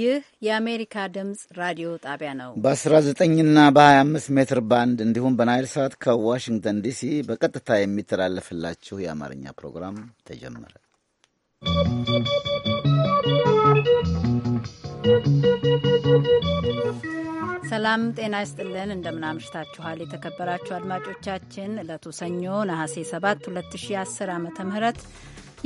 ይህ የአሜሪካ ድምፅ ራዲዮ ጣቢያ ነው። በ19ና በ25 ሜትር ባንድ እንዲሁም በናይል ሰዓት ከዋሽንግተን ዲሲ በቀጥታ የሚተላለፍላችሁ የአማርኛ ፕሮግራም ተጀመረ። ሰላም ጤና ይስጥልን። እንደምናምሽታችኋል የተከበራችሁ አድማጮቻችን። ዕለቱ ሰኞ ነሐሴ 7 2010 ዓ ም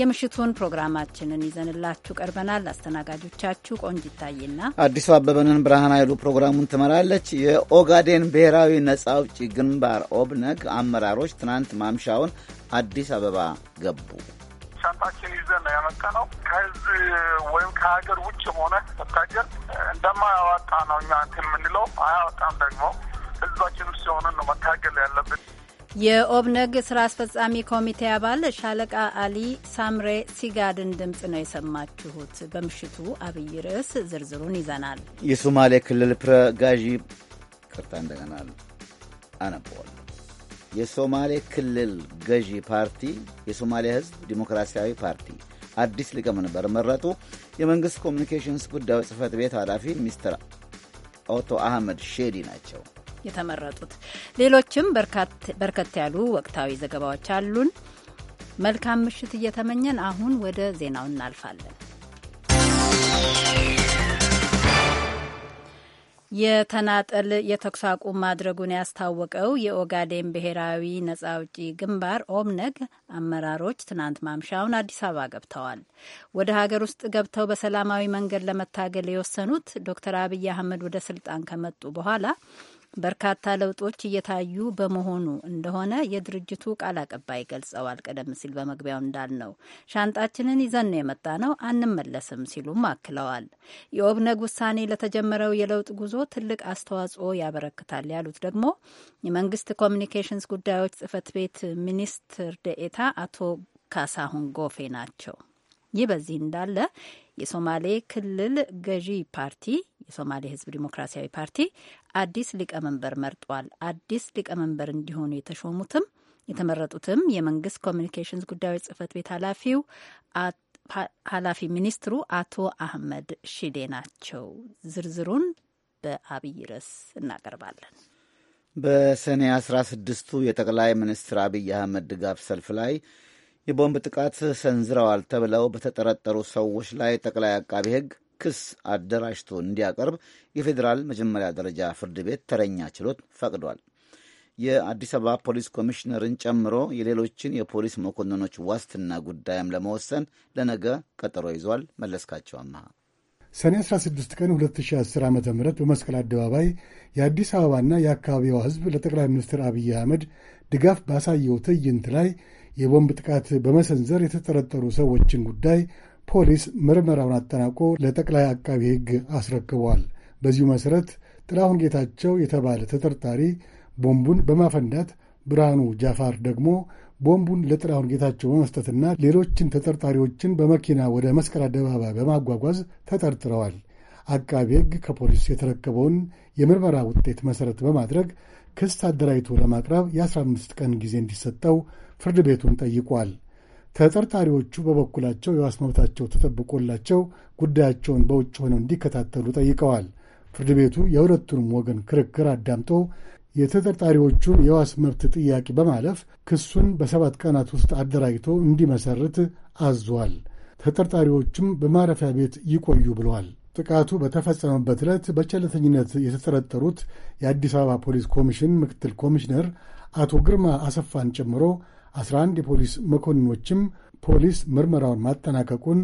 የምሽቱን ፕሮግራማችንን ይዘንላችሁ ቀርበናል። አስተናጋጆቻችሁ ቆንጅ ይታይና አዲሱ አበበንን ብርሃን ኃይሉ ፕሮግራሙን ትመራለች። የኦጋዴን ብሔራዊ ነጻ አውጪ ግንባር ኦብነግ አመራሮች ትናንት ማምሻውን አዲስ አበባ ገቡ። ሻንጣችን ይዘን ያመጣ ነው። ከህዝብ ወይም ከሀገር ውጭ ሆነ መታገር እንደማያወጣ ነው እኛ እንትን የምንለው አያወጣም። ደግሞ ህዝባችን ውስጥ የሆነን ነው መታገል ያለብን። የኦብነግ ስራ አስፈጻሚ ኮሚቴ አባል ሻለቃ አሊ ሳምሬ ሲጋድን ድምፅ ነው የሰማችሁት። በምሽቱ አብይ ርዕስ ዝርዝሩን ይዘናል። የሶማሌ ክልል ፕረጋዢ ቅርታ እንደገናል አነበዋል። የሶማሌ ክልል ገዢ ፓርቲ የሶማሌ ሕዝብ ዲሞክራሲያዊ ፓርቲ አዲስ ሊቀመንበር መረጡ። የመንግሥት ኮሚኒኬሽንስ ጉዳዮች ጽህፈት ቤት ኃላፊ ሚስተር ኦቶ አህመድ ሼዲ ናቸው። የተመረጡት። ሌሎችም በርከት ያሉ ወቅታዊ ዘገባዎች አሉን። መልካም ምሽት እየተመኘን አሁን ወደ ዜናው እናልፋለን። የተናጠል የተኩስ አቁም ማድረጉን ያስታወቀው የኦጋዴን ብሔራዊ ነጻ አውጪ ግንባር ኦብነግ አመራሮች ትናንት ማምሻውን አዲስ አበባ ገብተዋል። ወደ ሀገር ውስጥ ገብተው በሰላማዊ መንገድ ለመታገል የወሰኑት ዶክተር አብይ አህመድ ወደ ስልጣን ከመጡ በኋላ በርካታ ለውጦች እየታዩ በመሆኑ እንደሆነ የድርጅቱ ቃል አቀባይ ገልጸዋል። ቀደም ሲል በመግቢያው እንዳልነው ሻንጣችንን ይዘን ነው የመጣ ነው አንመለስም ሲሉም አክለዋል። የኦብነግ ውሳኔ ለተጀመረው የለውጥ ጉዞ ትልቅ አስተዋጽኦ ያበረክታል ያሉት ደግሞ የመንግስት ኮሚኒኬሽንስ ጉዳዮች ጽህፈት ቤት ሚኒስትር ደኤታ አቶ ካሳሁን ጎፌ ናቸው። ይህ በዚህ እንዳለ የሶማሌ ክልል ገዢ ፓርቲ የሶማሌ ህዝብ ዲሞክራሲያዊ ፓርቲ አዲስ ሊቀመንበር መርጧል። አዲስ ሊቀመንበር እንዲሆኑ የተሾሙትም የተመረጡትም የመንግስት ኮሚኒኬሽንስ ጉዳዮች ጽህፈት ቤት ኃላፊው ኃላፊ ሚኒስትሩ አቶ አህመድ ሺዴ ናቸው። ዝርዝሩን በአብይ ርዕስ እናቀርባለን። በሰኔ አስራ ስድስቱ የጠቅላይ ሚኒስትር አብይ አህመድ ድጋፍ ሰልፍ ላይ የቦምብ ጥቃት ሰንዝረዋል ተብለው በተጠረጠሩ ሰዎች ላይ ጠቅላይ አቃቢ ህግ። ክስ አደራጅቶ እንዲያቀርብ የፌዴራል መጀመሪያ ደረጃ ፍርድ ቤት ተረኛ ችሎት ፈቅዷል። የአዲስ አበባ ፖሊስ ኮሚሽነርን ጨምሮ የሌሎችን የፖሊስ መኮንኖች ዋስትና ጉዳይም ለመወሰን ለነገ ቀጠሮ ይዟል። መለስካቸው አመሃ ሰኔ 16 ቀን 2010 ዓ ም በመስቀል አደባባይ የአዲስ አበባና የአካባቢዋ ሕዝብ ለጠቅላይ ሚኒስትር አብይ አህመድ ድጋፍ ባሳየው ትዕይንት ላይ የቦምብ ጥቃት በመሰንዘር የተጠረጠሩ ሰዎችን ጉዳይ ፖሊስ ምርመራውን አጠናቆ ለጠቅላይ አቃቢ ሕግ አስረክቧል። በዚሁ መሠረት ጥላሁን ጌታቸው የተባለ ተጠርጣሪ ቦምቡን በማፈንዳት ብርሃኑ ጃፋር ደግሞ ቦምቡን ለጥላሁን ጌታቸው በመስጠትና ሌሎችን ተጠርጣሪዎችን በመኪና ወደ መስቀል አደባባይ በማጓጓዝ ተጠርጥረዋል። አቃቢ ሕግ ከፖሊስ የተረከበውን የምርመራ ውጤት መሠረት በማድረግ ክስ አደራጅቶ ለማቅረብ የ15 ቀን ጊዜ እንዲሰጠው ፍርድ ቤቱን ጠይቋል። ተጠርጣሪዎቹ በበኩላቸው የዋስ መብታቸው ተጠብቆላቸው ጉዳያቸውን በውጭ ሆነው እንዲከታተሉ ጠይቀዋል። ፍርድ ቤቱ የሁለቱንም ወገን ክርክር አዳምጦ የተጠርጣሪዎቹን የዋስ መብት ጥያቄ በማለፍ ክሱን በሰባት ቀናት ውስጥ አደራጅቶ እንዲመሰርት አዟል። ተጠርጣሪዎቹም በማረፊያ ቤት ይቆዩ ብለዋል። ጥቃቱ በተፈጸመበት ዕለት በቸለተኝነት የተጠረጠሩት የአዲስ አበባ ፖሊስ ኮሚሽን ምክትል ኮሚሽነር አቶ ግርማ አሰፋን ጨምሮ 11 የፖሊስ መኮንኖችም ፖሊስ ምርመራውን ማጠናቀቁን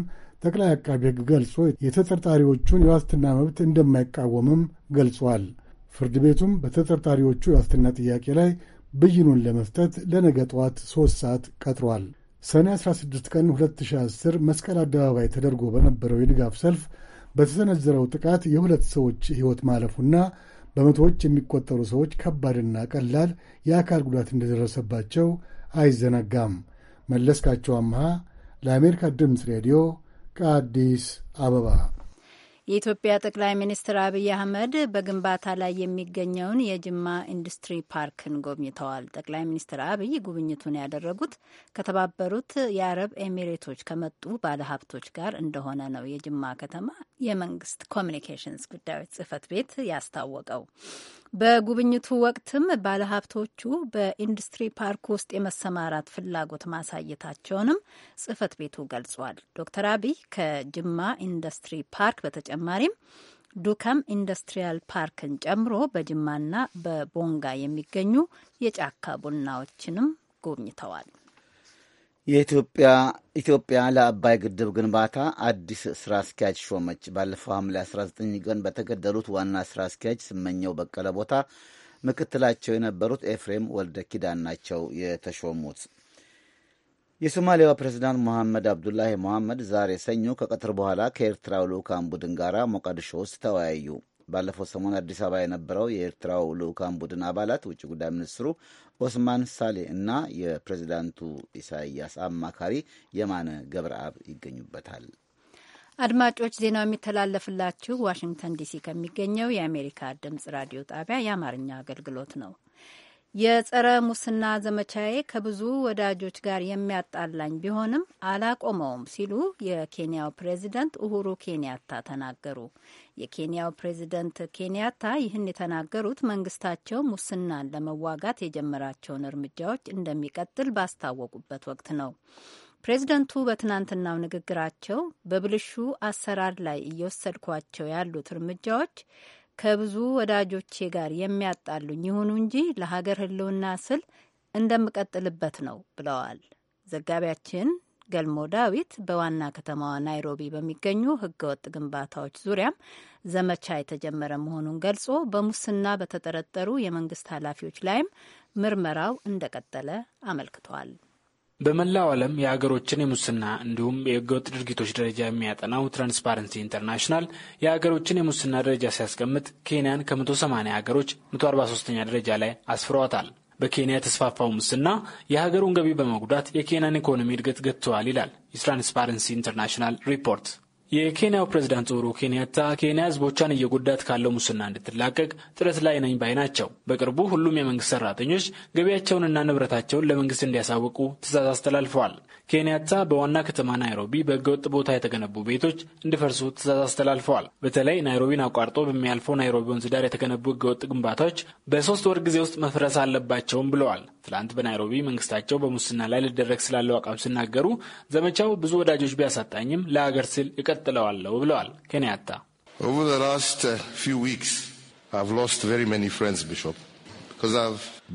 ጠቅላይ አቃቢ ሕግ ገልጾ የተጠርጣሪዎቹን የዋስትና መብት እንደማይቃወምም ገልጿል። ፍርድ ቤቱም በተጠርጣሪዎቹ የዋስትና ጥያቄ ላይ ብይኑን ለመስጠት ለነገ ጠዋት ሦስት ሰዓት ቀጥሯል። ሰኔ 16 ቀን 2010 መስቀል አደባባይ ተደርጎ በነበረው የድጋፍ ሰልፍ በተሰነዘረው ጥቃት የሁለት ሰዎች ሕይወት ማለፉና በመቶዎች የሚቆጠሩ ሰዎች ከባድና ቀላል የአካል ጉዳት እንደደረሰባቸው አይዘነጋም። መለስካቸው አምሃ ለአሜሪካ ድምፅ ሬዲዮ ከአዲስ አበባ። የኢትዮጵያ ጠቅላይ ሚኒስትር አብይ አህመድ በግንባታ ላይ የሚገኘውን የጅማ ኢንዱስትሪ ፓርክን ጎብኝተዋል። ጠቅላይ ሚኒስትር አብይ ጉብኝቱን ያደረጉት ከተባበሩት የአረብ ኤሚሬቶች ከመጡ ባለሀብቶች ጋር እንደሆነ ነው። የጅማ ከተማ የመንግስት ኮሚኒኬሽንስ ጉዳዮች ጽህፈት ቤት ያስታወቀው። በጉብኝቱ ወቅትም ባለሀብቶቹ በኢንዱስትሪ ፓርክ ውስጥ የመሰማራት ፍላጎት ማሳየታቸውንም ጽህፈት ቤቱ ገልጿል። ዶክተር አብይ ከጅማ ኢንዱስትሪ ፓርክ በተጨማሪም ዱከም ኢንዱስትሪያል ፓርክን ጨምሮ በጅማና በቦንጋ የሚገኙ የጫካ ቡናዎችንም ጎብኝተዋል። የኢትዮጵያ ኢትዮጵያ ለአባይ ግድብ ግንባታ አዲስ ስራ አስኪያጅ ሾመች። ባለፈው ሐምሌ 19 ቀን በተገደሉት ዋና ስራ አስኪያጅ ስመኘው በቀለ ቦታ ምክትላቸው የነበሩት ኤፍሬም ወልደ ኪዳን ናቸው የተሾሙት። የሶማሊያው ፕሬዚዳንት መሐመድ አብዱላሂ መሐመድ ዛሬ ሰኞ ከቀትር በኋላ ከኤርትራው ልዑካን ቡድን ጋር ሞቃዲሾ ውስጥ ተወያዩ። ባለፈው ሰሞን አዲስ አበባ የነበረው የኤርትራው ልዑካን ቡድን አባላት ውጭ ጉዳይ ሚኒስትሩ ኦስማን ሳሌ እና የፕሬዚዳንቱ ኢሳያስ አማካሪ የማነ ገብረአብ ይገኙበታል። አድማጮች ዜናው የሚተላለፍላችሁ ዋሽንግተን ዲሲ ከሚገኘው የአሜሪካ ድምጽ ራዲዮ ጣቢያ የአማርኛ አገልግሎት ነው። የጸረ ሙስና ዘመቻዬ ከብዙ ወዳጆች ጋር የሚያጣላኝ ቢሆንም አላቆመውም ሲሉ የኬንያው ፕሬዚደንት ኡሁሩ ኬንያታ ተናገሩ። የኬንያው ፕሬዚደንት ኬንያታ ይህን የተናገሩት መንግስታቸው ሙስናን ለመዋጋት የጀመራቸውን እርምጃዎች እንደሚቀጥል ባስታወቁበት ወቅት ነው። ፕሬዚደንቱ በትናንትናው ንግግራቸው በብልሹ አሰራር ላይ እየወሰድኳቸው ያሉት እርምጃዎች ከብዙ ወዳጆቼ ጋር የሚያጣሉኝ ይሁኑ እንጂ ለሀገር ሕልውና ስል እንደምቀጥልበት ነው ብለዋል። ዘጋቢያችን ገልሞ ዳዊት በዋና ከተማዋ ናይሮቢ በሚገኙ ህገወጥ ግንባታዎች ዙሪያም ዘመቻ የተጀመረ መሆኑን ገልጾ በሙስና በተጠረጠሩ የመንግስት ኃላፊዎች ላይም ምርመራው እንደቀጠለ አመልክቷል። በመላው ዓለም የሀገሮችን የሙስና እንዲሁም የህገወጥ ድርጊቶች ደረጃ የሚያጠናው ትራንስፓረንሲ ኢንተርናሽናል የሀገሮችን የሙስና ደረጃ ሲያስቀምጥ ኬንያን ከ180 ሀገሮች 143ኛ ደረጃ ላይ አስፍሯታል። በኬንያ የተስፋፋው ሙስና የሀገሩን ገቢ በመጉዳት የኬንያን ኢኮኖሚ እድገት ገጥተዋል ይላል የትራንስፓረንሲ ኢንተርናሽናል ሪፖርት። የኬንያው ፕሬዝዳንት ኡሁሩ ኬንያታ ኬንያ ህዝቦቿን እየጎዳት ካለው ሙስና እንድትላቀቅ ጥረት ላይ ነኝ ባይ ናቸው። በቅርቡ ሁሉም የመንግስት ሰራተኞች ገቢያቸውንና ንብረታቸውን ለመንግስት እንዲያሳውቁ ትእዛዝ አስተላልፈዋል። ኬንያታ በዋና ከተማ ናይሮቢ በህገወጥ ቦታ የተገነቡ ቤቶች እንዲፈርሱ ትእዛዝ አስተላልፈዋል። በተለይ ናይሮቢን አቋርጦ በሚያልፈው ናይሮቢ ወንዝ ዳር የተገነቡ ህገወጥ ግንባታዎች በሶስት ወር ጊዜ ውስጥ መፍረስ አለባቸውም ብለዋል። ትላንት በናይሮቢ መንግስታቸው በሙስና ላይ ሊደረግ ስላለው አቋም ሲናገሩ ዘመቻው ብዙ ወዳጆች ቢያሳጣኝም ለሀገር ስል ይቀጥ እቀጥለዋለሁ ብለዋል ኬንያታ። uh,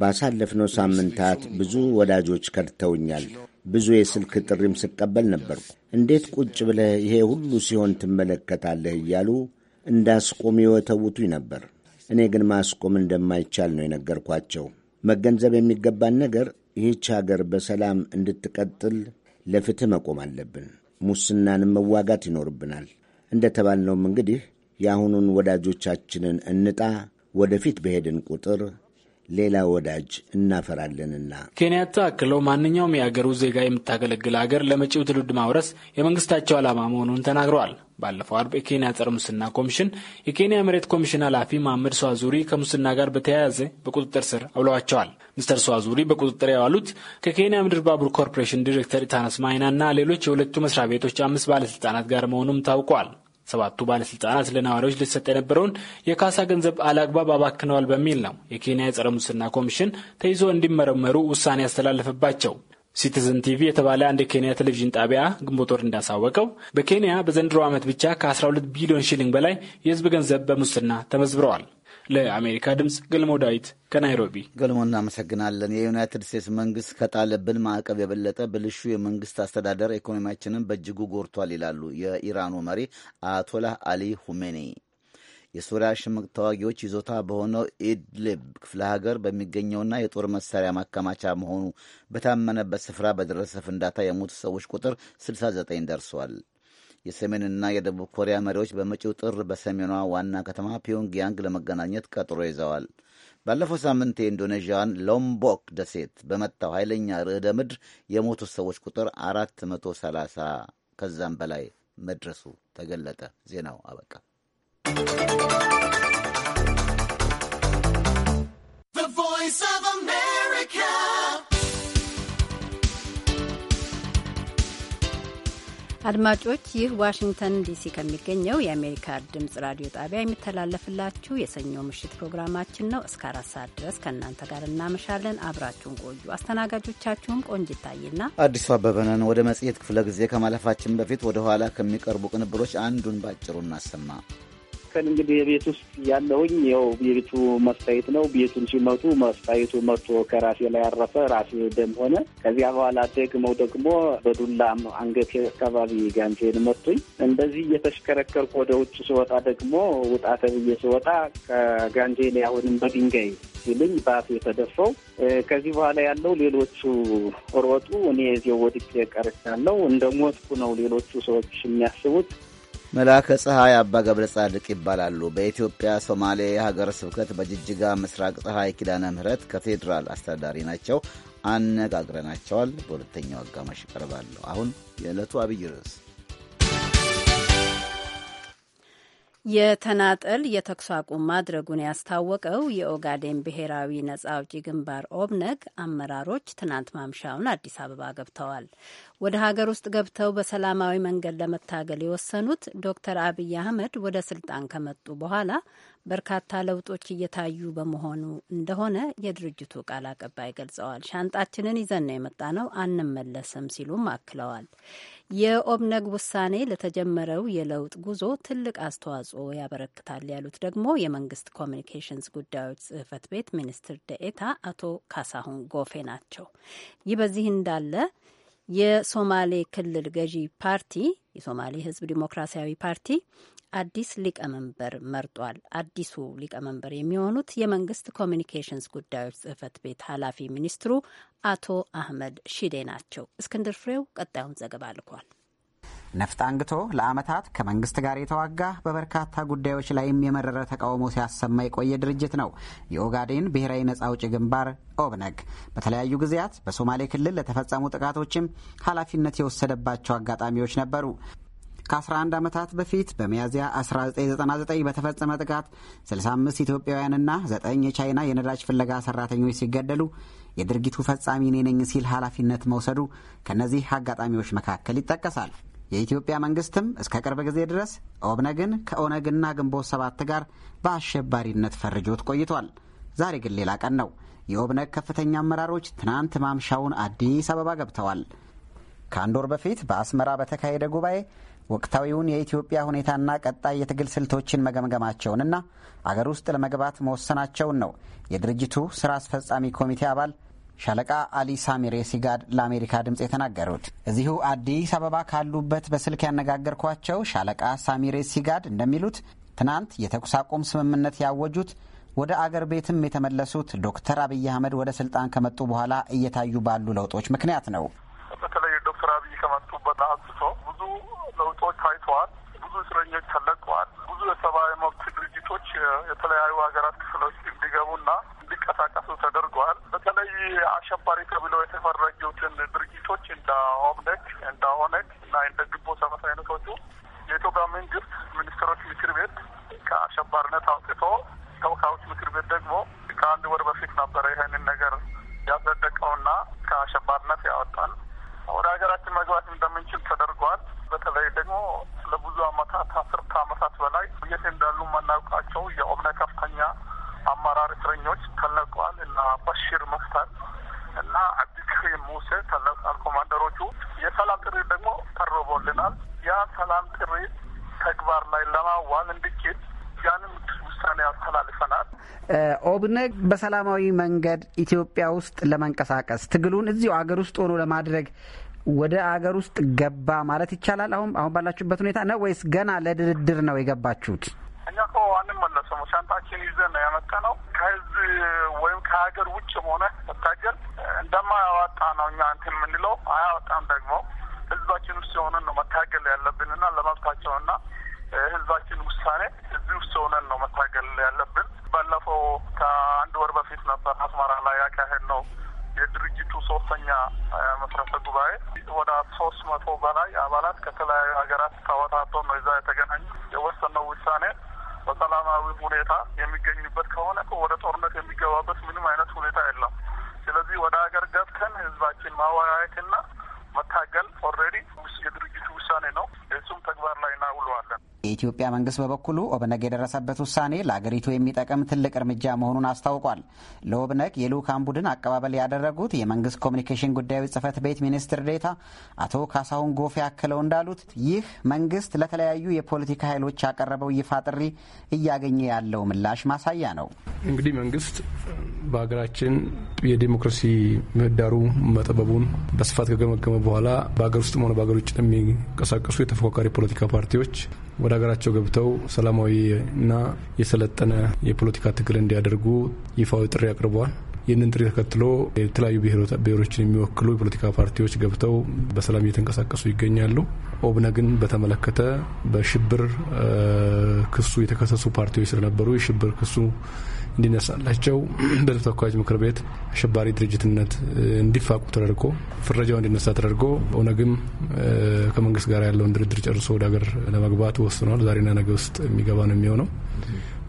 ባሳለፍነው ሳምንታት ብዙ ወዳጆች ከድተውኛል። ብዙ የስልክ ጥሪም ስቀበል ነበርኩ። እንዴት ቁጭ ብለህ ይሄ ሁሉ ሲሆን ትመለከታለህ እያሉ እንዳስቆም ይወተውቱኝ ነበር። እኔ ግን ማስቆም እንደማይቻል ነው የነገርኳቸው። መገንዘብ የሚገባን ነገር ይህች አገር በሰላም እንድትቀጥል ለፍትህ መቆም አለብን። ሙስናንም መዋጋት ይኖርብናል። እንደ ተባልነውም እንግዲህ የአሁኑን ወዳጆቻችንን እንጣ። ወደፊት በሄድን ቁጥር ሌላ ወዳጅ እናፈራለንና። ኬንያታ አክለው ማንኛውም የአገሩ ዜጋ የምታገለግል አገር ለመጪው ትውልድ ማውረስ የመንግስታቸው ዓላማ መሆኑን ተናግረዋል። ባለፈው አርብ የኬንያ ጸረ ሙስና ኮሚሽን የኬንያ መሬት ኮሚሽን ኃላፊ መሐመድ ሷዙሪ ከሙስና ጋር በተያያዘ በቁጥጥር ስር አውለዋቸዋል። ሚስተር ስዋዙሪ በቁጥጥር የዋሉት ከኬንያ ምድር ባቡር ኮርፖሬሽን ዲሬክተር ኢታነስ እና ሌሎች የሁለቱ መስሪያ ቤቶች አምስት ባለስልጣናት ጋር መሆኑም ታውቋል። ሰባቱ ባለስልጣናት ለነዋሪዎች ሊሰጥ የነበረውን የካሳ ገንዘብ አላግባብ አባክነዋል በሚል ነው የኬንያ የጸረ ሙስና ኮሚሽን ተይዞ እንዲመረመሩ ውሳኔ ያስተላለፈባቸው። ሲቲዝን ቲቪ የተባለ አንድ የኬንያ ቴሌቪዥን ጣቢያ ግንቦት ወር እንዳሳወቀው በኬንያ በዘንድሮ ዓመት ብቻ ከ12 ቢሊዮን ሺሊንግ በላይ የህዝብ ገንዘብ በሙስና ተመዝብረዋል። ለአሜሪካ ድምፅ ገልሞ ዳዊት ከናይሮቢ። ገልሞ እናመሰግናለን። የዩናይትድ ስቴትስ መንግስት ከጣለብን ማዕቀብ የበለጠ ብልሹ የመንግስት አስተዳደር ኢኮኖሚያችንን በእጅጉ ጎርቷል ይላሉ የኢራኑ መሪ አያቶላህ አሊ ሁሜኔ የሱሪያ ሽምቅ ተዋጊዎች ይዞታ በሆነው ኢድሊብ ክፍለ ሀገር በሚገኘውና የጦር መሳሪያ ማከማቻ መሆኑ በታመነበት ስፍራ በደረሰ ፍንዳታ የሞቱ ሰዎች ቁጥር 69 ደርሷል። የሰሜንና የደቡብ ኮሪያ መሪዎች በመጪው ጥር በሰሜኗ ዋና ከተማ ፒዮንግያንግ ለመገናኘት ቀጥሮ ይዘዋል። ባለፈው ሳምንት የኢንዶኔዥያን ሎምቦክ ደሴት በመታው ኃይለኛ ርዕደ ምድር የሞቱት ሰዎች ቁጥር 430 ከዛም በላይ መድረሱ ተገለጠ። ዜናው አበቃ። አድማጮች ይህ ዋሽንግተን ዲሲ ከሚገኘው የአሜሪካ ድምጽ ራዲዮ ጣቢያ የሚተላለፍላችሁ የሰኞ ምሽት ፕሮግራማችን ነው። እስከ አራት ሰዓት ድረስ ከእናንተ ጋር እናመሻለን። አብራችሁን ቆዩ። አስተናጋጆቻችሁም ቆንጅት ታይና አዲሱ አበበነን። ወደ መጽሔት ክፍለ ጊዜ ከማለፋችን በፊት ወደ ኋላ ከሚቀርቡ ቅንብሮች አንዱን ባጭሩ እናሰማ። ቀን እንግዲህ የቤት ውስጥ ያለውኝ ያው የቤቱ መስታየት ነው። ቤቱን ሲመቱ መስታየቱ መቶ ከራሴ ላይ ያረፈ ራሴ ደም ሆነ። ከዚያ በኋላ ደግመው ደግሞ በዱላም አንገቴ አካባቢ ጋንቴን መቱኝ። እንደዚህ እየተሽከረከርኩ ወደ ውጭ ስወጣ ደግሞ ውጣ ተብዬ ስወጣ ከጋንቴን አሁንም በድንጋይ ሲልኝ ባፍ የተደፈው ከዚህ በኋላ ያለው ሌሎቹ ሮጡ፣ እኔ እዚያው ወድቄ ቀርቻለሁ። እንደ ሞትኩ ነው ሌሎቹ ሰዎች የሚያስቡት። መልአከ ፀሐይ አባ ገብረ ጻድቅ ይባላሉ። በኢትዮጵያ ሶማሌ ሀገረ ስብከት በጅጅጋ ምስራቅ ፀሐይ ኪዳነ ምሕረት ካቴድራል አስተዳዳሪ ናቸው። አነጋግረናቸዋል። በሁለተኛው አጋማሽ ይቀርባሉ። አሁን የዕለቱ አብይ ርዕስ የተናጠል የተኩስ አቁም ማድረጉን ያስታወቀው የኦጋዴን ብሔራዊ ነጻ አውጪ ግንባር ኦብነግ አመራሮች ትናንት ማምሻውን አዲስ አበባ ገብተዋል። ወደ ሀገር ውስጥ ገብተው በሰላማዊ መንገድ ለመታገል የወሰኑት ዶክተር አብይ አህመድ ወደ ስልጣን ከመጡ በኋላ በርካታ ለውጦች እየታዩ በመሆኑ እንደሆነ የድርጅቱ ቃል አቀባይ ገልጸዋል። ሻንጣችንን ይዘን ነው የመጣ ነው አንመለስም ሲሉም አክለዋል። የኦብነግ ውሳኔ ለተጀመረው የለውጥ ጉዞ ትልቅ አስተዋጽኦ ያበረክታል ያሉት ደግሞ የመንግስት ኮሚኒኬሽንስ ጉዳዮች ጽህፈት ቤት ሚኒስትር ደኤታ አቶ ካሳሁን ጎፌ ናቸው። ይህ በዚህ እንዳለ የሶማሌ ክልል ገዢ ፓርቲ የሶማሌ ህዝብ ዲሞክራሲያዊ ፓርቲ አዲስ ሊቀመንበር መርጧል። አዲሱ ሊቀመንበር የሚሆኑት የመንግስት ኮሚኒኬሽንስ ጉዳዮች ጽህፈት ቤት ኃላፊ ሚኒስትሩ አቶ አህመድ ሺዴ ናቸው። እስክንድር ፍሬው ቀጣዩን ዘገባ ልኳል። ነፍጥ አንግቶ ለዓመታት ከመንግስት ጋር የተዋጋ በበርካታ ጉዳዮች ላይም የመረረ ተቃውሞ ሲያሰማ የቆየ ድርጅት ነው የኦጋዴን ብሔራዊ ነጻ አውጪ ግንባር ኦብነግ። በተለያዩ ጊዜያት በሶማሌ ክልል ለተፈጸሙ ጥቃቶችም ኃላፊነት የወሰደባቸው አጋጣሚዎች ነበሩ። ከ11 ዓመታት በፊት በሚያዝያ 1999 በተፈጸመ ጥቃት 65 ኢትዮጵያውያንና 9 የቻይና የነዳጅ ፍለጋ ሰራተኞች ሲገደሉ የድርጊቱ ፈጻሚ እኔ ነኝ ሲል ኃላፊነት መውሰዱ ከእነዚህ አጋጣሚዎች መካከል ይጠቀሳል። የኢትዮጵያ መንግስትም እስከ ቅርብ ጊዜ ድረስ ኦብነግን ከኦነግና ግንቦት ሰባት ጋር በአሸባሪነት ፈርጆት ቆይቷል። ዛሬ ግን ሌላ ቀን ነው። የኦብነግ ከፍተኛ አመራሮች ትናንት ማምሻውን አዲስ አበባ ገብተዋል። ከአንድ ወር በፊት በአስመራ በተካሄደ ጉባኤ ወቅታዊውን የኢትዮጵያ ሁኔታና ቀጣይ የትግል ስልቶችን መገምገማቸውንና አገር ውስጥ ለመግባት መወሰናቸውን ነው የድርጅቱ ስራ አስፈጻሚ ኮሚቴ አባል ሻለቃ አሊ ሳሚሬ ሲጋድ ለአሜሪካ ድምፅ የተናገሩት እዚሁ አዲስ አበባ ካሉበት በስልክ ያነጋገርኳቸው ሻለቃ ሳሚሬ ሲጋድ እንደሚሉት ትናንት የተኩስ አቁም ስምምነት ያወጁት ወደ አገር ቤትም የተመለሱት ዶክተር አብይ አህመድ ወደ ስልጣን ከመጡ በኋላ እየታዩ ባሉ ለውጦች ምክንያት ነው። በተለይ ዶክተር አብይ ከመጡበት አንስቶ ብዙ ለውጦች ታይተዋል። ብዙ እስረኞች ተለቀዋል። ብዙ የሰብአዊ መብት ድርጅቶች የተለያዩ ሀገራት ክፍሎች እንዲገቡና እንዲንቀሳቀሱ ተደርጓል። በተለይ አሸባሪ ተብለው የተፈረጁትን ድርጅቶች እንደ ኦብነግ፣ እንደ ኦነግ እና እንደ ግንቦት ሰባት አይነቶቹ የኢትዮጵያ መንግስት ሚኒስትሮች ምክር ቤት ከአሸባሪነት አውጥቶ ተወካዮች ምክር ቤት ደግሞ ከአንድ ወር በፊት ነበረ ይህንን ነገር ያጸደቀውና ከአሸባሪነት ያወጣል። ወደ ሀገራችን መግባት እንደምንችል ተደርጓል። በተለይ ደግሞ ለብዙ አመታት አስርተ አመታት በላይ የት እንዳሉ የማናውቃቸው የኦብነግ ከፍተኛ አመራር እስረኞች ተለቋል እና በሽር መፍታት እና አብዱልከሪም ሙሴ ተለቋል። ኮማንደሮቹ የሰላም ጥሪ ደግሞ ቀርቦልናል። ያ ሰላም ጥሪ ተግባር ላይ ለማዋል እንድችል ያንም ውሳኔ ያስተላልፈናል። ኦብነግ በሰላማዊ መንገድ ኢትዮጵያ ውስጥ ለመንቀሳቀስ ትግሉን እዚሁ አገር ውስጥ ሆኖ ለማድረግ ወደ አገር ውስጥ ገባ ማለት ይቻላል። አሁን አሁን ባላችሁበት ሁኔታ ነው ወይስ ገና ለድርድር ነው የገባችሁት? እኛ እኮ አንመለስም። ሻንጣችን ይዘን ነው ያመጣነው። ከህዝብ ወይም ከሀገር ውጭ ሆነ ወታደር እንደማያወጣ ነው እኛ እንትን የምንለው። አያወጣም ደግሞ ህዝባችን ውስጥ የሆነን ነው መታገል ያለብንና ለመብታቸውና ህዝባችን ውሳኔ እዚህ ውስጥ ሆነን ነው መታገል ያለብን። ባለፈው ከአንድ ወር በፊት ነበር አስመራ ላይ ያካሄድ ነው የድርጅቱ ሶስተኛ መስረተ ጉባኤ። ወደ ሶስት መቶ በላይ አባላት ከተለያዩ ሀገራት ተወታቶ ነው እዛ የተገናኙ የወሰነው ውሳኔ በሰላማዊ ሁኔታ የሚገኙበት ከሆነ ወደ ጦርነት የሚገባበት ምንም አይነት ሁኔታ የለም። ስለዚህ ወደ ሀገር ገብተን ህዝባችን ማወያየትና መታገል ኦልሬዲ የድርጅቱ ውሳኔ ነው። እሱም ተግባር ላይ እናውለዋለን። የኢትዮጵያ መንግስት በበኩሉ ኦብነግ የደረሰበት ውሳኔ ለአገሪቱ የሚጠቅም ትልቅ እርምጃ መሆኑን አስታውቋል። ለኦብነግ የልዑካን ቡድን አቀባበል ያደረጉት የመንግስት ኮሚኒኬሽን ጉዳዮች ጽህፈት ቤት ሚኒስትር ዴታ አቶ ካሳሁን ጎፌ ያክለው እንዳሉት ይህ መንግስት ለተለያዩ የፖለቲካ ኃይሎች ያቀረበው ይፋ ጥሪ እያገኘ ያለው ምላሽ ማሳያ ነው። እንግዲህ መንግስት በሀገራችን የዲሞክራሲ ምህዳሩ መጠበቡን በስፋት ከገመገመ በኋላ በሀገር ውስጥ ሆነ በሀገር ውጭ የሚንቀሳቀሱ የተፎካካሪ ፖለቲካ ፓርቲዎች ወደ ሀገራቸው ገብተው እና የሰለጠነ የፖለቲካ ትግል እንዲያደርጉ ይፋዊ ጥሪ አቅርበዋል። ይህንን ጥሪ ተከትሎ የተለያዩ ብሔሮችን የሚወክሉ የፖለቲካ ፓርቲዎች ገብተው በሰላም እየተንቀሳቀሱ ይገኛሉ። ኦብነግን በተመለከተ በሽብር ክሱ የተከሰሱ ፓርቲዎች ስለነበሩ የሽብር ክሱ እንዲነሳላቸው በህዝብ ተወካዮች ምክር ቤት አሸባሪ ድርጅትነት እንዲፋቁ ተደርጎ ፍረጃው እንዲነሳ ተደርጎ ኦነግም ከመንግስት ጋር ያለውን ድርድር ጨርሶ ወደ ሀገር ለመግባት ወስኗል። ዛሬና ነገ ውስጥ የሚገባ ነው የሚሆነው።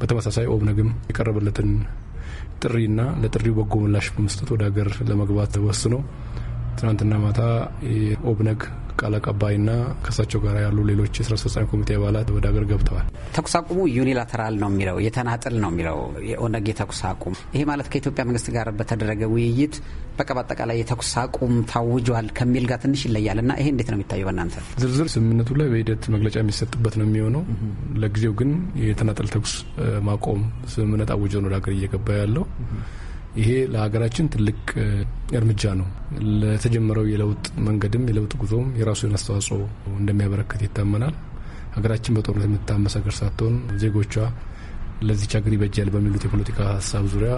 በተመሳሳይ ኦብነግም የቀረበለትን ጥሪና ለጥሪው በጎ ምላሽ በመስጠት ወደ ሀገር ለመግባት ወስኖ ትናንትና ማታ የኦብነግ ቃል አቀባይና ከእሳቸው ጋር ያሉ ሌሎች የስራ አስፈጻሚ ኮሚቴ አባላት ወደ ሀገር ገብተዋል። ተኩስ አቁሙ ዩኒላተራል ነው የሚለው የተናጥል ነው የሚለው የኦነግ የተኩስ አቁም ይሄ ማለት ከኢትዮጵያ መንግስት ጋር በተደረገ ውይይት በቃ በአጠቃላይ የተኩስ አቁም ታውጇል ከሚል ጋር ትንሽ ይለያል እና ይሄ እንዴት ነው የሚታየው በእናንተ? ዝርዝር ስምምነቱ ላይ በሂደት መግለጫ የሚሰጥበት ነው የሚሆነው። ለጊዜው ግን የተናጠል ተኩስ ማቆም ስምምነት አውጀን ወደ ሀገር እየገባ ያለው ይሄ ለሀገራችን ትልቅ እርምጃ ነው። ለተጀመረው የለውጥ መንገድም የለውጥ ጉዞም የራሱን አስተዋጽኦ እንደሚያበረክት ይታመናል። ሀገራችን በጦርነት የምታመስ ሀገር ሳትሆን ዜጎቿ ለዚች ሀገር ይበጃል በሚሉት የፖለቲካ ሀሳብ ዙሪያ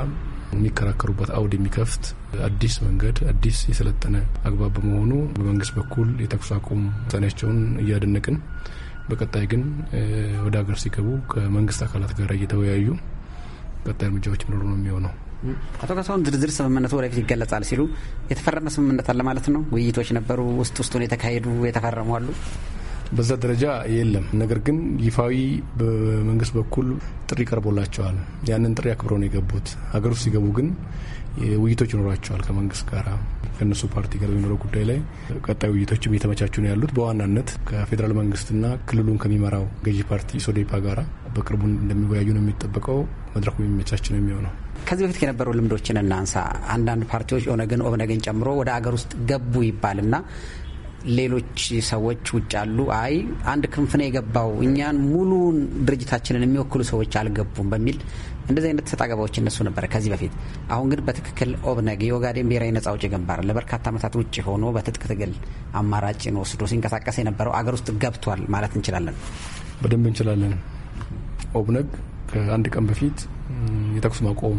የሚከራከሩበት አውድ የሚከፍት አዲስ መንገድ አዲስ የሰለጠነ አግባብ በመሆኑ በመንግስት በኩል የተኩስ አቁም ውሳኔያቸውን እያደነቅን፣ በቀጣይ ግን ወደ ሀገር ሲገቡ ከመንግስት አካላት ጋር እየተወያዩ ቀጣይ እርምጃዎች ምኖሩ ነው የሚሆነው። አቶ ካሳሁን ዝርዝር ስምምነቱ ወደፊት ይገለጻል ሲሉ የተፈረመ ስምምነት አለ ማለት ነው? ውይይቶች ነበሩ፣ ውስጥ ውስጡን የተካሄዱ የተፈረሙ አሉ? በዛ ደረጃ የለም። ነገር ግን ይፋዊ በመንግስት በኩል ጥሪ ቀርቦላቸዋል። ያንን ጥሪ አክብረው ነው የገቡት። ሀገር ውስጥ ሲገቡ ግን ውይይቶች ይኖሯቸዋል ከመንግስት ጋር ከእነሱ ፓርቲ ጋር በሚኖረው ጉዳይ ላይ ቀጣይ ውይይቶችም እየተመቻቹ ነው ያሉት። በዋናነት ከፌዴራል መንግስትና ክልሉን ከሚመራው ገዢ ፓርቲ ሶዴፓ ጋራ በቅርቡ እንደሚወያዩ ነው የሚጠበቀው። መድረኩ የሚመቻች ነው የሚሆነው። ከዚህ በፊት የነበሩ ልምዶችን እናንሳ። አንዳንድ ፓርቲዎች ኦነግን ኦብነግን ጨምሮ ወደ አገር ውስጥ ገቡ ይባልና ሌሎች ሰዎች ውጭ አሉ። አይ አንድ ክንፍ ነው የገባው እኛን ሙሉን ድርጅታችንን የሚወክሉ ሰዎች አልገቡም በሚል እንደዚህ አይነት ሰጣ እነሱ ነበረ ከዚህ በፊት። አሁን ግን በትክክል ኦብነግ የኦጋዴን ብሔራዊ ነጻ አውጪ ግንባር ለበርካታ ዓመታት ውጭ ሆኖ በትጥቅ ትግል አማራጭን ወስዶ ሲንቀሳቀስ የነበረው አገር ውስጥ ገብቷል ማለት እንችላለን። በደንብ እንችላለን። ኦብነግ ከአንድ ቀን በፊት የተኩስ ማቆም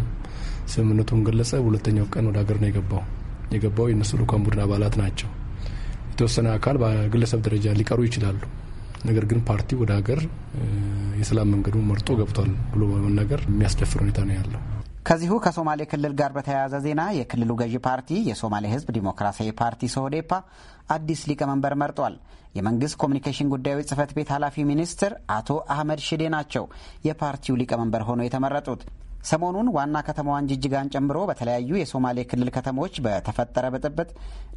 ስምምነቱን ገለጸ። ሁለተኛው ቀን ወደ ሀገር ነው የገባው የገባው የነሱ ልኡካን ቡድን አባላት ናቸው። የተወሰነ አካል በግለሰብ ደረጃ ሊቀሩ ይችላሉ። ነገር ግን ፓርቲ ወደ ሀገር የሰላም መንገዱ መርጦ ገብቷል ብሎ በመናገር የሚያስደፍር ሁኔታ ነው ያለው። ከዚሁ ከሶማሌ ክልል ጋር በተያያዘ ዜና የክልሉ ገዢ ፓርቲ የሶማሌ ሕዝብ ዲሞክራሲያዊ ፓርቲ ሶህዴፓ አዲስ ሊቀመንበር መርጧል። የመንግስት ኮሚኒኬሽን ጉዳዮች ጽህፈት ቤት ኃላፊ ሚኒስትር አቶ አህመድ ሽዴ ናቸው የፓርቲው ሊቀመንበር ሆነው የተመረጡት። ሰሞኑን ዋና ከተማዋን ጅጅጋን ጨምሮ በተለያዩ የሶማሌ ክልል ከተሞች በተፈጠረ ብጥብጥ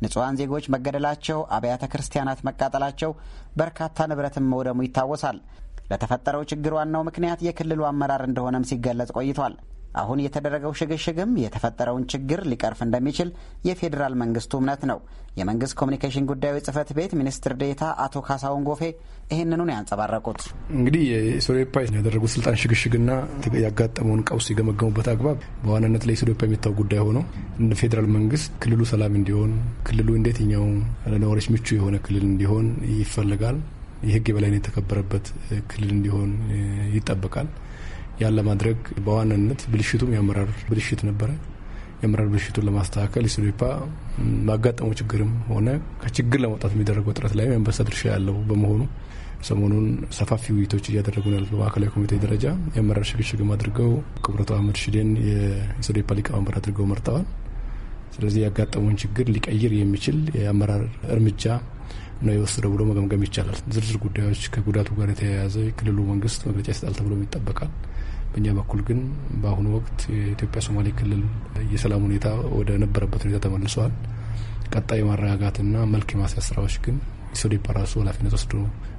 ንጹሐን ዜጎች መገደላቸው፣ አብያተ ክርስቲያናት መቃጠላቸው፣ በርካታ ንብረትም መውደሙ ይታወሳል። ለተፈጠረው ችግር ዋናው ምክንያት የክልሉ አመራር እንደሆነም ሲገለጽ ቆይቷል። አሁን የተደረገው ሽግሽግም የተፈጠረውን ችግር ሊቀርፍ እንደሚችል የፌዴራል መንግስቱ እምነት ነው። የመንግስት ኮሚኒኬሽን ጉዳዮች ጽህፈት ቤት ሚኒስትር ዴታ አቶ ካሳሁን ጎፌ ይህንኑን ያንጸባረቁት እንግዲህ የኢሶዴፓ ያደረጉት ስልጣን ሽግሽግና ያጋጠመውን ቀውስ የገመገሙበት አግባብ በዋናነት ለኢሶዴፓ የሚታው ጉዳይ ሆኖ እንደ ፌዴራል መንግስት ክልሉ ሰላም እንዲሆን፣ ክልሉ እንዴትኛው ለነዋሪዎች ምቹ የሆነ ክልል እንዲሆን ይፈልጋል። የህግ የበላይነት የተከበረበት ክልል እንዲሆን ይጠበቃል። ያን ለማድረግ በዋናነት ብልሽቱም የአመራር ብልሽት ነበረ። የአመራር ብልሽቱን ለማስተካከል ኢሰዴፓ ማጋጠመው ችግርም ሆነ ከችግር ለመውጣት የሚደረገው ጥረት ላይ የአንበሳ ድርሻ ያለው በመሆኑ ሰሞኑን ሰፋፊ ውይይቶች እያደረጉ ነው ያሉት በማዕከላዊ ኮሚቴ ደረጃ የአመራር ሽግሽግም አድርገው ክቡራቱ አህመድ ሽዴን የኢሰዴፓ ሊቀመንበር አድርገው መርጠዋል። ስለዚህ ያጋጠመውን ችግር ሊቀይር የሚችል የአመራር እርምጃ ነው የወሰደው ብሎ መገምገም ይቻላል። ዝርዝር ጉዳዮች ከጉዳቱ ጋር የተያያዘ የክልሉ መንግስት መግለጫ ይሰጣል ተብሎ ይጠበቃል። በእኛ በኩል ግን በአሁኑ ወቅት የኢትዮጵያ ሶማሌ ክልል የሰላም ሁኔታ ወደ ነበረበት ሁኔታ ተመልሰዋል። ቀጣይ የማረጋጋትና መልክ የማስያዝ ስራዎች ግን ኢሶዴፓ ራሱ ኃላፊነት ወስዶ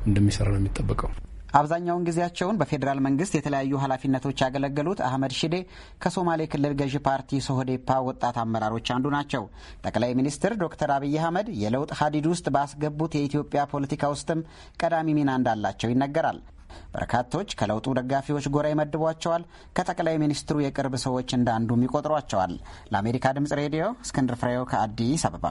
እንደሚሰራ ነው የሚጠበቀው። አብዛኛውን ጊዜያቸውን በፌዴራል መንግስት የተለያዩ ኃላፊነቶች ያገለገሉት አህመድ ሺዴ ከሶማሌ ክልል ገዢ ፓርቲ ሶህዴፓ ወጣት አመራሮች አንዱ ናቸው። ጠቅላይ ሚኒስትር ዶክተር አብይ አህመድ የለውጥ ሀዲድ ውስጥ ባስገቡት የኢትዮጵያ ፖለቲካ ውስጥም ቀዳሚ ሚና እንዳላቸው ይነገራል። በርካቶች ከለውጡ ደጋፊዎች ጎራ ይመድቧቸዋል። ከጠቅላይ ሚኒስትሩ የቅርብ ሰዎች እንዳንዱም ይቆጥሯቸዋል። ለአሜሪካ ድምጽ ሬዲዮ እስክንድር ፍሬው ከአዲስ አበባ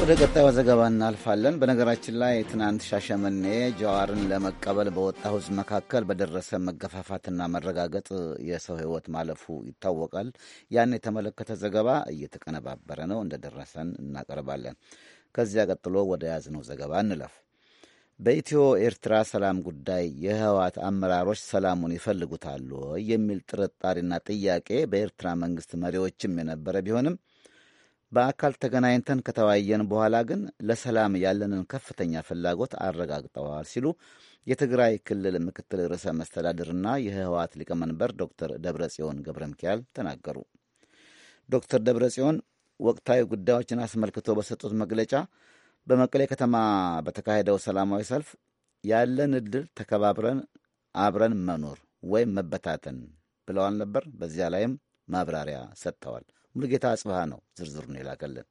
ወደ ቀጣዩ ዘገባ እናልፋለን። በነገራችን ላይ ትናንት ሻሸመኔ ጀዋርን ለመቀበል በወጣ ሕዝብ መካከል በደረሰ መገፋፋትና መረጋገጥ የሰው ሕይወት ማለፉ ይታወቃል። ያን የተመለከተ ዘገባ እየተቀነባበረ ነው፣ እንደደረሰን እናቀርባለን። ከዚያ ቀጥሎ ወደ ያዝነው ዘገባ እንለፍ። በኢትዮ ኤርትራ ሰላም ጉዳይ የህወሓት አመራሮች ሰላሙን ይፈልጉታሉ የሚል ጥርጣሬና ጥያቄ በኤርትራ መንግስት መሪዎችም የነበረ ቢሆንም በአካል ተገናኝተን ከተወያየን በኋላ ግን ለሰላም ያለንን ከፍተኛ ፍላጎት አረጋግጠዋል ሲሉ የትግራይ ክልል ምክትል ርዕሰ መስተዳድርና የህወሓት ሊቀመንበር ዶክተር ደብረጽዮን ገብረ ሚካኤል ተናገሩ። ዶክተር ደብረጽዮን ወቅታዊ ጉዳዮችን አስመልክቶ በሰጡት መግለጫ በመቀሌ ከተማ በተካሄደው ሰላማዊ ሰልፍ ያለን እድል ተከባብረን አብረን መኖር ወይም መበታተን ብለዋል ነበር። በዚያ ላይም ማብራሪያ ሰጥተዋል። ሙልጌታ አጽብሃ ነው ዝርዝሩን የላከልን።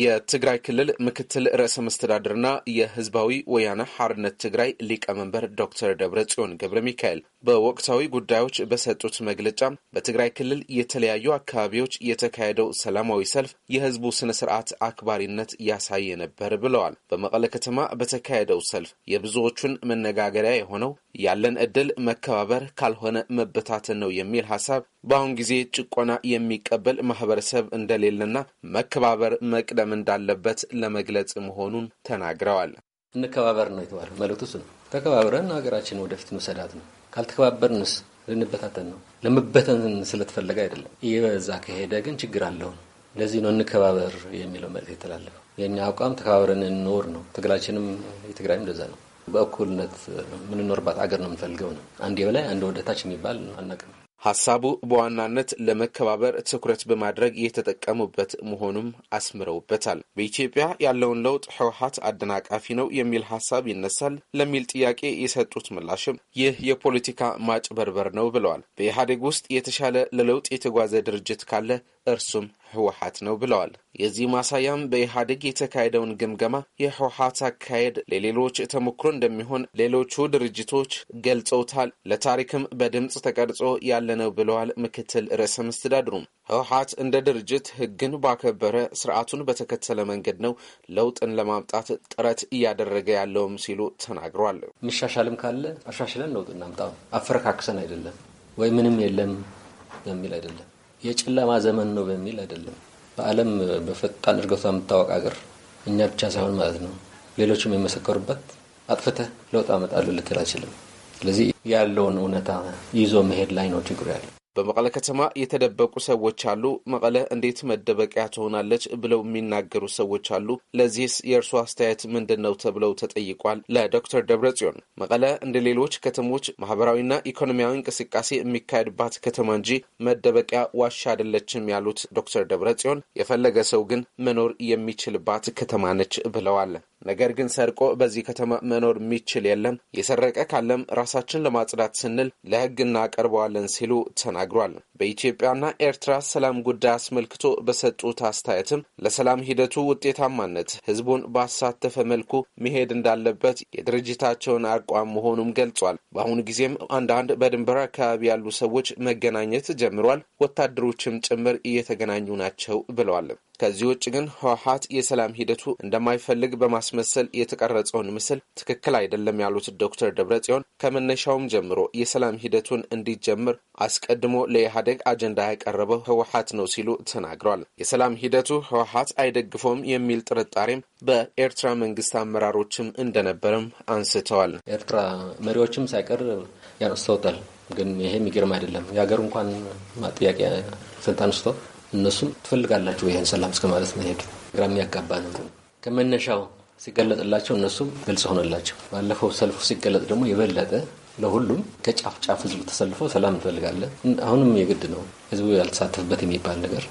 የትግራይ ክልል ምክትል ርዕሰ መስተዳድርና የህዝባዊ ወያነ ሐርነት ትግራይ ሊቀመንበር ዶክተር ደብረ ጽዮን ገብረ ሚካኤል በወቅታዊ ጉዳዮች በሰጡት መግለጫ በትግራይ ክልል የተለያዩ አካባቢዎች የተካሄደው ሰላማዊ ሰልፍ የህዝቡ ስነ ስርዓት አክባሪነት ያሳየ ነበር ብለዋል። በመቀለ ከተማ በተካሄደው ሰልፍ የብዙዎቹን መነጋገሪያ የሆነው ያለን እድል መከባበር ካልሆነ መበታተን ነው የሚል ሀሳብ በአሁን ጊዜ ጭቆና የሚቀበል ማህበረሰብ እንደሌለና መከባበር መቅደም እንዳለበት ለመግለጽ መሆኑን ተናግረዋል። እንከባበር ነው የተባለ መልእክቱ እሱ ነው። ተከባብረን ሀገራችን ወደፊት መሰዳት ነው። ካልተከባበርንስ ልንበታተን ነው። ለመበተን ስለተፈለገ አይደለም። ይህ በዛ ከሄደ ግን ችግር አለውን። ለዚህ ነው እንከባበር የሚለው መልእክት የተላለፈው። የእኛ አቋም ተከባብረን እንኖር ነው። ትግላችንም የትግራይም እንደዛ ነው። በእኩልነት የምንኖርባት አገር ነው የምንፈልገው ነው። አንድ የበላይ አንድ ወደታች የሚባል አናውቅም። ሀሳቡ በዋናነት ለመከባበር ትኩረት በማድረግ የተጠቀሙበት መሆኑም አስምረውበታል። በኢትዮጵያ ያለውን ለውጥ ህወሀት አደናቃፊ ነው የሚል ሀሳብ ይነሳል ለሚል ጥያቄ የሰጡት ምላሽም ይህ የፖለቲካ ማጭበርበር ነው ብለዋል። በኢህአዴግ ውስጥ የተሻለ ለለውጥ የተጓዘ ድርጅት ካለ እርሱም ህወሀት ነው ብለዋል። የዚህ ማሳያም በኢህአዴግ የተካሄደውን ግምገማ የህወሀት አካሄድ ለሌሎች ተሞክሮ እንደሚሆን ሌሎቹ ድርጅቶች ገልጸውታል። ለታሪክም በድምፅ ተቀርጾ ያለ ነው ብለዋል። ምክትል ርዕሰ መስተዳድሩም ህወሀት እንደ ድርጅት ህግን ባከበረ ስርዓቱን በተከተለ መንገድ ነው ለውጥን ለማምጣት ጥረት እያደረገ ያለውም ሲሉ ተናግሯል። መሻሻልም ካለ አሻሽለን ለውጥ እናምጣ፣ አፈረካክሰን አይደለም ወይ ምንም የለም የሚል አይደለም የጨለማ ዘመን ነው በሚል አይደለም። በዓለም በፈጣን እድገቷ የምታወቅ ሀገር እኛ ብቻ ሳይሆን ማለት ነው ሌሎችም የመሰከሩበት አጥፍተህ ለውጥ አመጣለሁ ልትል አይችልም። ስለዚህ ያለውን እውነታ ይዞ መሄድ ላይ ነው ችግሩ ያለው። በመቀለ ከተማ የተደበቁ ሰዎች አሉ። መቀለ እንዴት መደበቂያ ትሆናለች ብለው የሚናገሩ ሰዎች አሉ። ለዚህስ የእርሱ አስተያየት ምንድን ነው ተብለው ተጠይቋል። ለዶክተር ደብረ ጽዮን መቀለ እንደ ሌሎች ከተሞች ማህበራዊና ኢኮኖሚያዊ እንቅስቃሴ የሚካሄድባት ከተማ እንጂ መደበቂያ ዋሻ አይደለችም ያሉት ዶክተር ደብረ ጽዮን የፈለገ ሰው ግን መኖር የሚችልባት ከተማ ነች ብለዋል። ነገር ግን ሰርቆ በዚህ ከተማ መኖር የሚችል የለም፣ የሰረቀ ካለም ራሳችን ለማጽዳት ስንል ለህግ እናቀርበዋለን ሲሉ ተናግሯል። በኢትዮጵያና ኤርትራ ሰላም ጉዳይ አስመልክቶ በሰጡት አስተያየትም ለሰላም ሂደቱ ውጤታማነት ሕዝቡን ባሳተፈ መልኩ መሄድ እንዳለበት የድርጅታቸውን አቋም መሆኑም ገልጿል። በአሁኑ ጊዜም አንዳንድ በድንበር አካባቢ ያሉ ሰዎች መገናኘት ጀምሯል፣ ወታደሮችም ጭምር እየተገናኙ ናቸው ብለዋል። ከዚህ ውጭ ግን ህወሀት የሰላም ሂደቱ እንደማይፈልግ በማስመሰል የተቀረጸውን ምስል ትክክል አይደለም ያሉት ዶክተር ደብረጽዮን ከመነሻውም ጀምሮ የሰላም ሂደቱን እንዲጀምር አስቀድሞ ለኢህአዴግ አጀንዳ ያቀረበው ህወሀት ነው ሲሉ ተናግሯል። የሰላም ሂደቱ ህወሀት አይደግፈውም የሚል ጥርጣሬም በኤርትራ መንግስት አመራሮችም እንደነበረም አንስተዋል። ኤርትራ መሪዎችም ሳይቀር ያነስተውታል። ግን ይሄ የሚገርም አይደለም። የሀገር እንኳን ጥያቄ ስልጣን አንስቶ እነሱም ትፈልጋላቸው ይህን ሰላም እስከ ማለት ነው ሄዱ። ግራ የሚያጋባ ነው ከመነሻው ሲገለጥላቸው እነሱም ግልጽ ሆነላቸው። ባለፈው ሰልፉ ሲገለጥ ደግሞ የበለጠ ለሁሉም ከጫፍ ጫፍ ህዝብ ተሰልፎ ሰላም እንፈልጋለን። አሁንም የግድ ነው ህዝቡ ያልተሳተፍበት የሚባል ነገር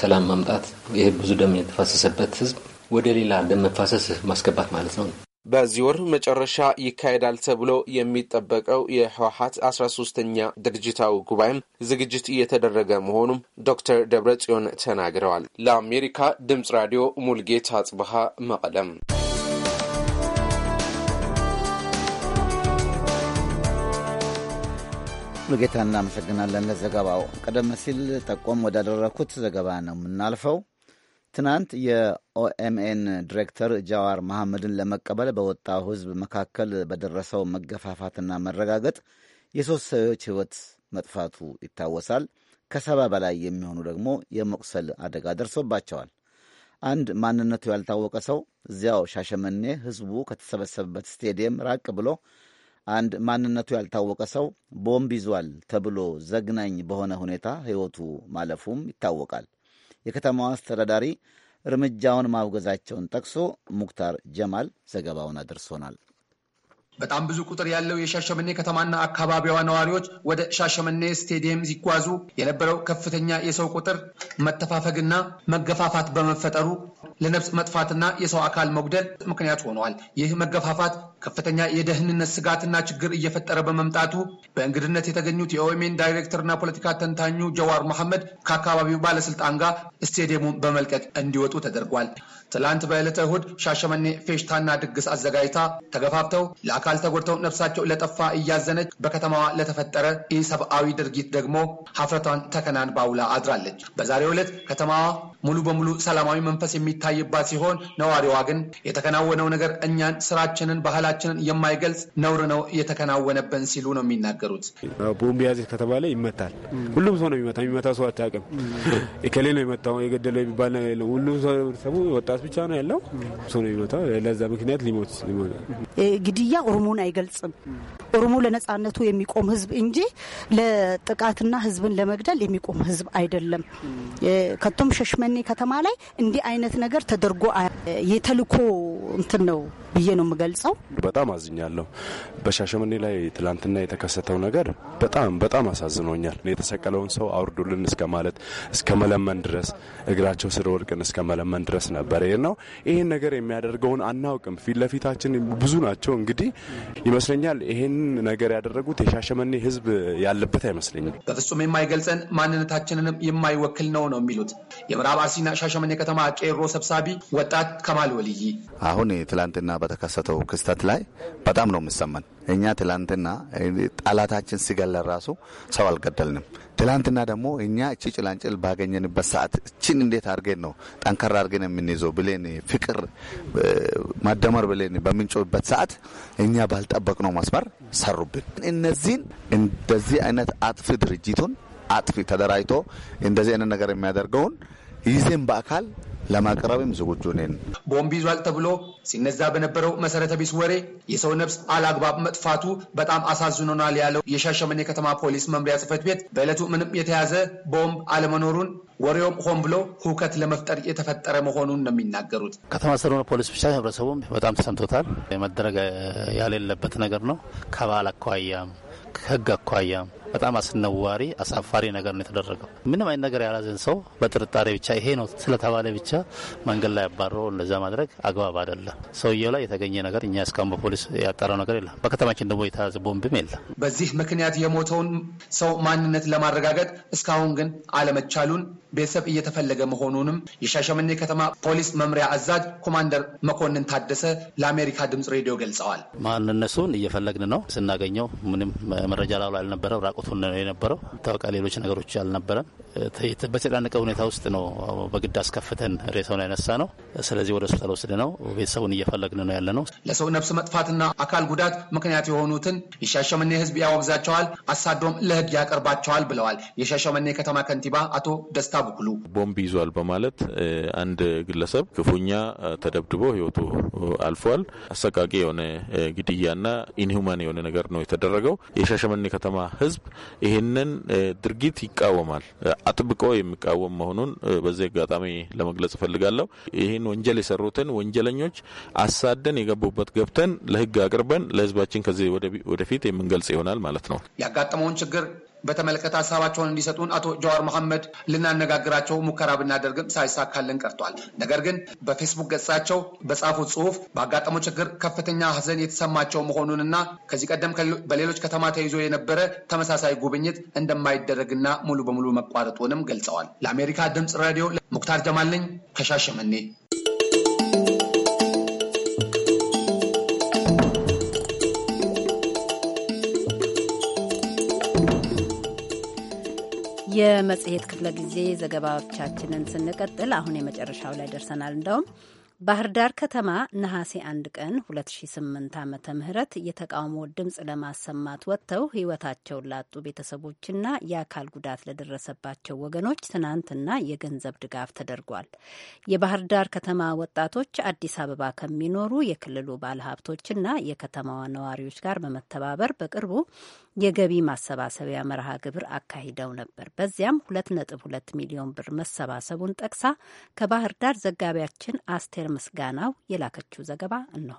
ሰላም ማምጣት። ይህ ብዙ ደም የተፋሰሰበት ህዝብ ወደ ሌላ ደም መፋሰስ ማስገባት ማለት ነው። በዚህ ወር መጨረሻ ይካሄዳል ተብሎ የሚጠበቀው የህወሀት አስራ ሶስተኛ ድርጅታዊ ጉባኤም ዝግጅት እየተደረገ መሆኑም ዶክተር ደብረ ጽዮን ተናግረዋል። ለአሜሪካ ድምጽ ራዲዮ ሙልጌታ አጽብሃ መቀለም። ሙልጌታ እናመሰግናለን ለዘገባው። ቀደም ሲል ጠቆም ወዳደረኩት ዘገባ ነው የምናልፈው። ትናንት የኦኤምኤን ዲሬክተር ጃዋር መሐመድን ለመቀበል በወጣው ህዝብ መካከል በደረሰው መገፋፋትና መረጋገጥ የሦስት ሰዎች ሕይወት መጥፋቱ ይታወሳል። ከሰባ በላይ የሚሆኑ ደግሞ የመቁሰል አደጋ ደርሶባቸዋል። አንድ ማንነቱ ያልታወቀ ሰው እዚያው ሻሸመኔ ህዝቡ ከተሰበሰበበት ስቴዲየም ራቅ ብሎ አንድ ማንነቱ ያልታወቀ ሰው ቦምብ ይዟል ተብሎ ዘግናኝ በሆነ ሁኔታ ሕይወቱ ማለፉም ይታወቃል። የከተማዋ አስተዳዳሪ እርምጃውን ማውገዛቸውን ጠቅሶ ሙክታር ጀማል ዘገባውን አድርሶናል። በጣም ብዙ ቁጥር ያለው የሻሸመኔ ከተማና አካባቢዋ ነዋሪዎች ወደ ሻሸመኔ ስቴዲየም ሲጓዙ የነበረው ከፍተኛ የሰው ቁጥር መተፋፈግና መገፋፋት በመፈጠሩ ለነፍስ መጥፋትና የሰው አካል መጉደል ምክንያት ሆነዋል። ይህ መገፋፋት ከፍተኛ የደህንነት ስጋትና ችግር እየፈጠረ በመምጣቱ በእንግድነት የተገኙት የኦሜን ዳይሬክተርና ፖለቲካ ተንታኙ ጀዋር መሐመድ ከአካባቢው ባለስልጣን ጋር ስቴዲየሙን በመልቀቅ እንዲወጡ ተደርጓል። ትላንት በዕለተ እሁድ ሻሸመኔ ፌሽታና ድግስ አዘጋጅታ ተገፋፍተው ለአካል ተጎድተው ነፍሳቸው ለጠፋ እያዘነች በከተማዋ ለተፈጠረ ኢሰብአዊ ድርጊት ደግሞ ሀፍረቷን ተከናን ባውላ አድራለች። በዛሬው ዕለት ከተማዋ ሙሉ በሙሉ ሰላማዊ መንፈስ የሚታይባት ሲሆን ነዋሪዋ ግን የተከናወነው ነገር እኛን፣ ስራችንን፣ ባህላችንን የማይገልጽ ነውር ነው የተከናወነብን ሲሉ ነው የሚናገሩት። ቦምብ ያዘ ከተባለ ይመታል። ሁሉም ሰው ነው የሚመታ። የሚመታ ሰው አታውቅም። እከሌ ነው የመታው የገደለው የሚባል ነገር የለም። ሁሉም ሰው ወጣት ብቻ ነው ያለው። ሰው ነው ለዛ ምክንያት ሊሞት ግድያ ኦሮሞን አይገልጽም። ኦሮሞ ለነጻነቱ የሚቆም ህዝብ እንጂ ለጥቃትና ህዝብን ለመግደል የሚቆም ህዝብ አይደለም። ከቶም ሸሽመኔ ከተማ ላይ እንዲህ አይነት ነገር ተደርጎ የተልኮ እንትን ነው ብዬ ነው የምገልጸው። በጣም አዝኛለሁ። በሻሸመኔ ላይ ትላንትና የተከሰተው ነገር በጣም በጣም አሳዝኖኛል። የተሰቀለውን ሰው አውርዱልን እስከ ማለት እስከ መለመን ድረስ እግራቸው ስር ወድቅን እስከ መለመን ድረስ ነበር። ይህ ነው ይህን ነገር የሚያደርገውን አናውቅም። ፊት ለፊታችን ብዙ ናቸው። እንግዲህ ይመስለኛል ይህን ነገር ያደረጉት የሻሸመኔ ህዝብ ያለበት አይመስለኝም። በፍጹም የማይገልጸን ማንነታችንንም የማይወክል ነው ነው የሚሉት የምዕራብ አርሲና ሻሸመኔ ከተማ ቄሮ ሰብሳቢ ወጣት ከማል ወልይ አሁን ትላንትና በተከሰተው ክስተት ላይ በጣም ነው የምሰማን። እኛ ትላንትና ጠላታችን ሲገለን ራሱ ሰው አልገደልንም። ትላንትና ደግሞ እኛ እቺ ጭላንጭል ባገኘንበት ሰዓት እችን እንዴት አድርገን ነው ጠንከራ አድርገን የምንይዘው ብሌን ፍቅር ማደመር ብሌን በምንጮበት ሰዓት እኛ ባልጠበቅነው መስመር ሰሩብን። እነዚህን እንደዚህ አይነት አጥፊ ድርጅቱን አጥፊ ተደራጅቶ እንደዚህ አይነት ነገር የሚያደርገውን ይዘን በአካል ለማቅረብም ዝግጁ ነን። ቦምብ ይዟል ተብሎ ሲነዛ በነበረው መሰረተ ቢስ ወሬ የሰው ነፍስ አላግባብ መጥፋቱ በጣም አሳዝኖናል ያለው የሻሸመኔ ከተማ ፖሊስ መምሪያ ጽፈት ቤት በዕለቱ ምንም የተያዘ ቦምብ አለመኖሩን ወሬውም ሆን ብሎ ሁከት ለመፍጠር የተፈጠረ መሆኑን ነው የሚናገሩት። ከተማ ስለሆነ ፖሊስ ብቻ ህብረተሰቡም በጣም ተሰምቶታል። መደረግ ያሌለበት ነገር ነው። ከባህል አኳያም ከህግ አኳያም በጣም አስነዋሪ፣ አሳፋሪ ነገር ነው የተደረገው። ምንም አይነት ነገር ያላዘን ሰው በጥርጣሬ ብቻ ይሄ ነው ስለተባለ ብቻ መንገድ ላይ ያባሮ እንደዛ ማድረግ አግባብ አይደለም። ሰውየው ላይ የተገኘ ነገር እኛ እስካሁን በፖሊስ ያጣራው ነገር የለም። በከተማችን ደግሞ የተያዘ ቦምብም የለም። በዚህ ምክንያት የሞተውን ሰው ማንነት ለማረጋገጥ እስካሁን ግን አለመቻሉን ቤተሰብ እየተፈለገ መሆኑንም የሻሸመኔ ከተማ ፖሊስ መምሪያ አዛዥ ኮማንደር መኮንን ታደሰ ለአሜሪካ ድምፅ ሬዲዮ ገልጸዋል። ማንነቱን እየፈለግን ነው። ስናገኘው ምንም መረጃ ላሉ አልነበረም። ራቆ ወቅቱን ነው የነበረው። ታወቃ ሌሎች ነገሮች አልነበረም። በተጨናነቀ ሁኔታ ውስጥ ነው በግድ አስከፍተን ሬሳውን ያነሳ ነው። ስለዚህ ወደ ሆስፒታል ወስድ ነው ቤተሰቡን እየፈለግን ነው ያለ ነው። ለሰው ነፍስ መጥፋትና አካል ጉዳት ምክንያት የሆኑትን የሻሸመኔ ሕዝብ ያወግዛቸዋል፣ አሳዶም ለሕግ ያቀርባቸዋል ብለዋል የሻሸመኔ ከተማ ከንቲባ አቶ ደስታ ቡኩሉ። ቦምብ ይዟል በማለት አንድ ግለሰብ ክፉኛ ተደብድቦ ሕይወቱ አልፏል። አሰቃቂ የሆነ ግድያና ኢንሁማን የሆነ ነገር ነው የተደረገው። የሻሸመኔ ከተማ ሕዝብ ይህንን ድርጊት ይቃወማል፣ አጥብቆ የሚቃወም መሆኑን በዚህ አጋጣሚ ለመግለጽ እፈልጋለሁ። ይህን ወንጀል የሰሩትን ወንጀለኞች አሳደን የገቡበት ገብተን ለህግ አቅርበን ለህዝባችን ከዚህ ወደፊት የምንገልጽ ይሆናል ማለት ነው። ያጋጠመውን ችግር በተመለከተ ሀሳባቸውን እንዲሰጡን አቶ ጀዋር መሐመድ ልናነጋግራቸው ሙከራ ብናደርግም ሳይሳካልን ቀርቷል። ነገር ግን በፌስቡክ ገጻቸው በጻፉት ጽሁፍ በአጋጠመው ችግር ከፍተኛ ሀዘን የተሰማቸው መሆኑንና ከዚህ ቀደም በሌሎች ከተማ ተይዞ የነበረ ተመሳሳይ ጉብኝት እንደማይደረግና ሙሉ በሙሉ መቋረጡንም ገልጸዋል። ለአሜሪካ ድምፅ ሬዲዮ ሙክታር ጀማል ነኝ ከሻሸመኔ የመጽሔት ክፍለ ጊዜ ዘገባዎቻችንን ስንቀጥል አሁን የመጨረሻው ላይ ደርሰናል። እንደውም ባህር ዳር ከተማ ነሐሴ አንድ ቀን 2008 ዓመተ ምህረት የተቃውሞ ድምፅ ለማሰማት ወጥተው ሕይወታቸውን ላጡ ቤተሰቦችና የአካል ጉዳት ለደረሰባቸው ወገኖች ትናንትና የገንዘብ ድጋፍ ተደርጓል። የባህር ዳር ከተማ ወጣቶች አዲስ አበባ ከሚኖሩ የክልሉ ባለሀብቶችና የከተማዋ ነዋሪዎች ጋር በመተባበር በቅርቡ የገቢ ማሰባሰቢያ መርሃ ግብር አካሂደው ነበር። በዚያም 2.2 ሚሊዮን ብር መሰባሰቡን ጠቅሳ ከባህር ዳር ዘጋቢያችን አስቴር ምስጋናው የላከችው ዘገባ እንሆ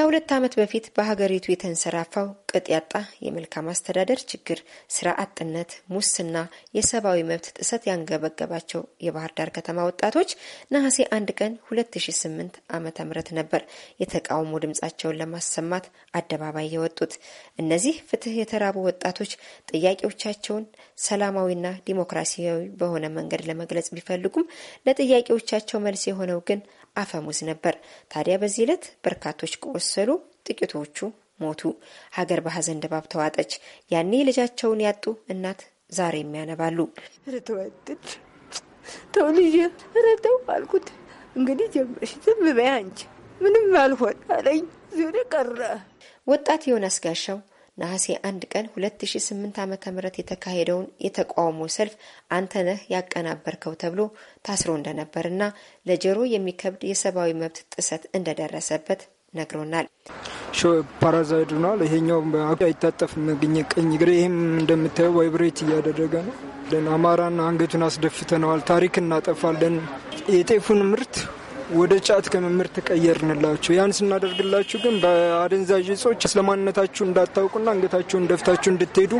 ከሁለት ዓመት በፊት በሀገሪቱ የተንሰራፋው ቅጥ ያጣ የመልካም አስተዳደር ችግር፣ ስራ አጥነት፣ ሙስና፣ የሰብአዊ መብት ጥሰት ያንገበገባቸው የባህር ዳር ከተማ ወጣቶች ነሐሴ አንድ ቀን 2008 ዓመተ ምህረት ነበር የተቃውሞ ድምጻቸውን ለማሰማት አደባባይ የወጡት። እነዚህ ፍትህ የተራቡ ወጣቶች ጥያቄዎቻቸውን ሰላማዊና ዲሞክራሲያዊ በሆነ መንገድ ለመግለጽ ቢፈልጉም ለጥያቄዎቻቸው መልስ የሆነው ግን አፈሙዝ ነበር። ታዲያ በዚህ ዕለት በርካቶች ቆሰሉ፣ ጥቂቶቹ ሞቱ። ሀገር በሀዘን ድባብ ተዋጠች። ያኔ ልጃቸውን ያጡ እናት ዛሬ የሚያነባሉ። ርትወጥት ተው ልጄ ረተው አልኩት። እንግዲህ ጀመርሽ ዝም በይ አንቺ ምንም አልሆን አለኝ። ዞሬ ቀረ ወጣት የሆነ አስጋሻው ነሐሴ አንድ ቀን 2008 ም የተካሄደውን የተቃውሞ ሰልፍ አንተነህ ያቀናበርከው ተብሎ ታስሮ እንደነበርና ለጆሮ የሚከብድ የሰብአዊ መብት ጥሰት እንደደረሰበት ነግሮናል። ፓራዛይድ ሆኗል። ይሄኛው ምግኝ ቅኝ ግሬ ይህም እንደምታየው ቫይብሬት እያደረገ ነው። አማራን አንገቱን አስደፍተነዋል። ታሪክ እናጠፋለን። የጤፉን ምርት ወደ ጫት ከመምር ተቀየርንላችሁ። ያን ስናደርግላችሁ ግን በአደንዛዥ እጾች ስለማንነታችሁ እንዳታውቁና አንገታችሁን ደፍታችሁ እንድትሄዱ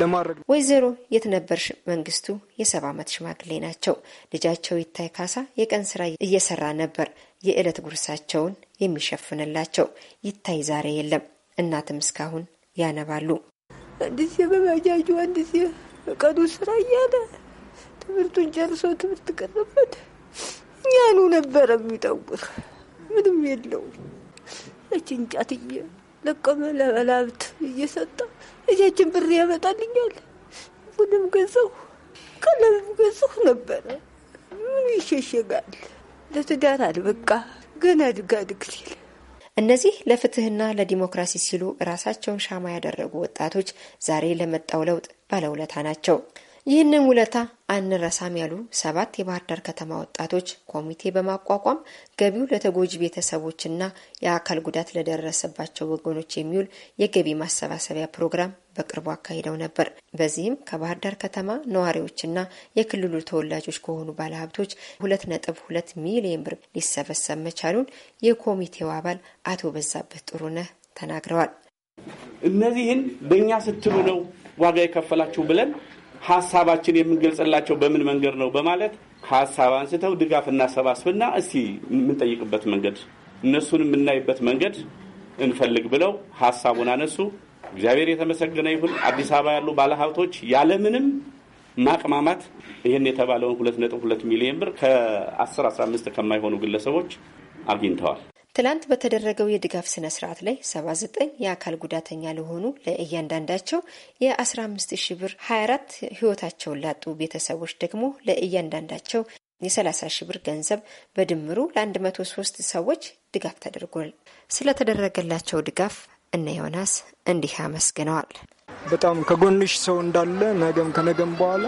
ለማድረግ ነው። ወይዘሮ የትነበርሽ መንግስቱ የሰባ ዓመት ሽማግሌ ናቸው። ልጃቸው ይታይ ካሳ የቀን ስራ እየሰራ ነበር የዕለት ጉርሳቸውን የሚሸፍንላቸው። ይታይ ዛሬ የለም። እናትም እስካሁን ያነባሉ። አንድሴ በባጃጁ አንድሴ ቀዱ ስራ እያለ ትምህርቱን ጨርሶ ትምህርት ቀረበት ያኑ ነበረ የሚጠውር ምንም የለው እች ለቀመ ለበላብት እየሰጠ እጃችን ብር ያመጣልኛል። ምንም ገዛሁ ቀለብም ገዛሁ ነበረ። ምን ይሸሸጋል? ለትዳር አልበቃ ገና ድጋ ድግ ሲል እነዚህ ለፍትህና ለዲሞክራሲ ሲሉ ራሳቸውን ሻማ ያደረጉ ወጣቶች ዛሬ ለመጣው ለውጥ ባለውለታ ናቸው። ይህንን ውለታ አንረሳም ያሉ ሰባት የባህር ዳር ከተማ ወጣቶች ኮሚቴ በማቋቋም ገቢው ለተጎጂ ቤተሰቦችና የአካል ጉዳት ለደረሰባቸው ወገኖች የሚውል የገቢ ማሰባሰቢያ ፕሮግራም በቅርቡ አካሂደው ነበር። በዚህም ከባህር ዳር ከተማ ነዋሪዎችና የክልሉ ተወላጆች ከሆኑ ባለሀብቶች ሁለት ነጥብ ሁለት ሚሊየን ብር ሊሰበሰብ መቻሉን የኮሚቴው አባል አቶ በዛበት ጥሩነህ ተናግረዋል። እነዚህን በእኛ ስትሉ ነው ዋጋ የከፈላችሁ ብለን ሀሳባችን የምንገልጽላቸው በምን መንገድ ነው በማለት ሀሳብ አንስተው ድጋፍ እናሰባስብና እስቲ የምንጠይቅበት መንገድ እነሱን የምናይበት መንገድ እንፈልግ ብለው ሀሳቡን አነሱ። እግዚአብሔር የተመሰገነ ይሁን። አዲስ አበባ ያሉ ባለሀብቶች ያለምንም ማቅማማት ይህን የተባለውን ሁለት ነጥብ ሁለት ሚሊዮን ብር ከ10 15 ከማይሆኑ ግለሰቦች አግኝተዋል። ትላንት በተደረገው የድጋፍ ስነ ስርዓት ላይ 79 የአካል ጉዳተኛ ለሆኑ ለእያንዳንዳቸው የ15 ሺ ብር፣ 24 ህይወታቸውን ላጡ ቤተሰቦች ደግሞ ለእያንዳንዳቸው የ30 ሺ ብር ገንዘብ በድምሩ ለ103 ሰዎች ድጋፍ ተደርጓል። ስለተደረገላቸው ድጋፍ እነ ዮናስ እንዲህ አመስግነዋል። በጣም ከጎንሽ ሰው እንዳለ ነገም ከነገም በኋላ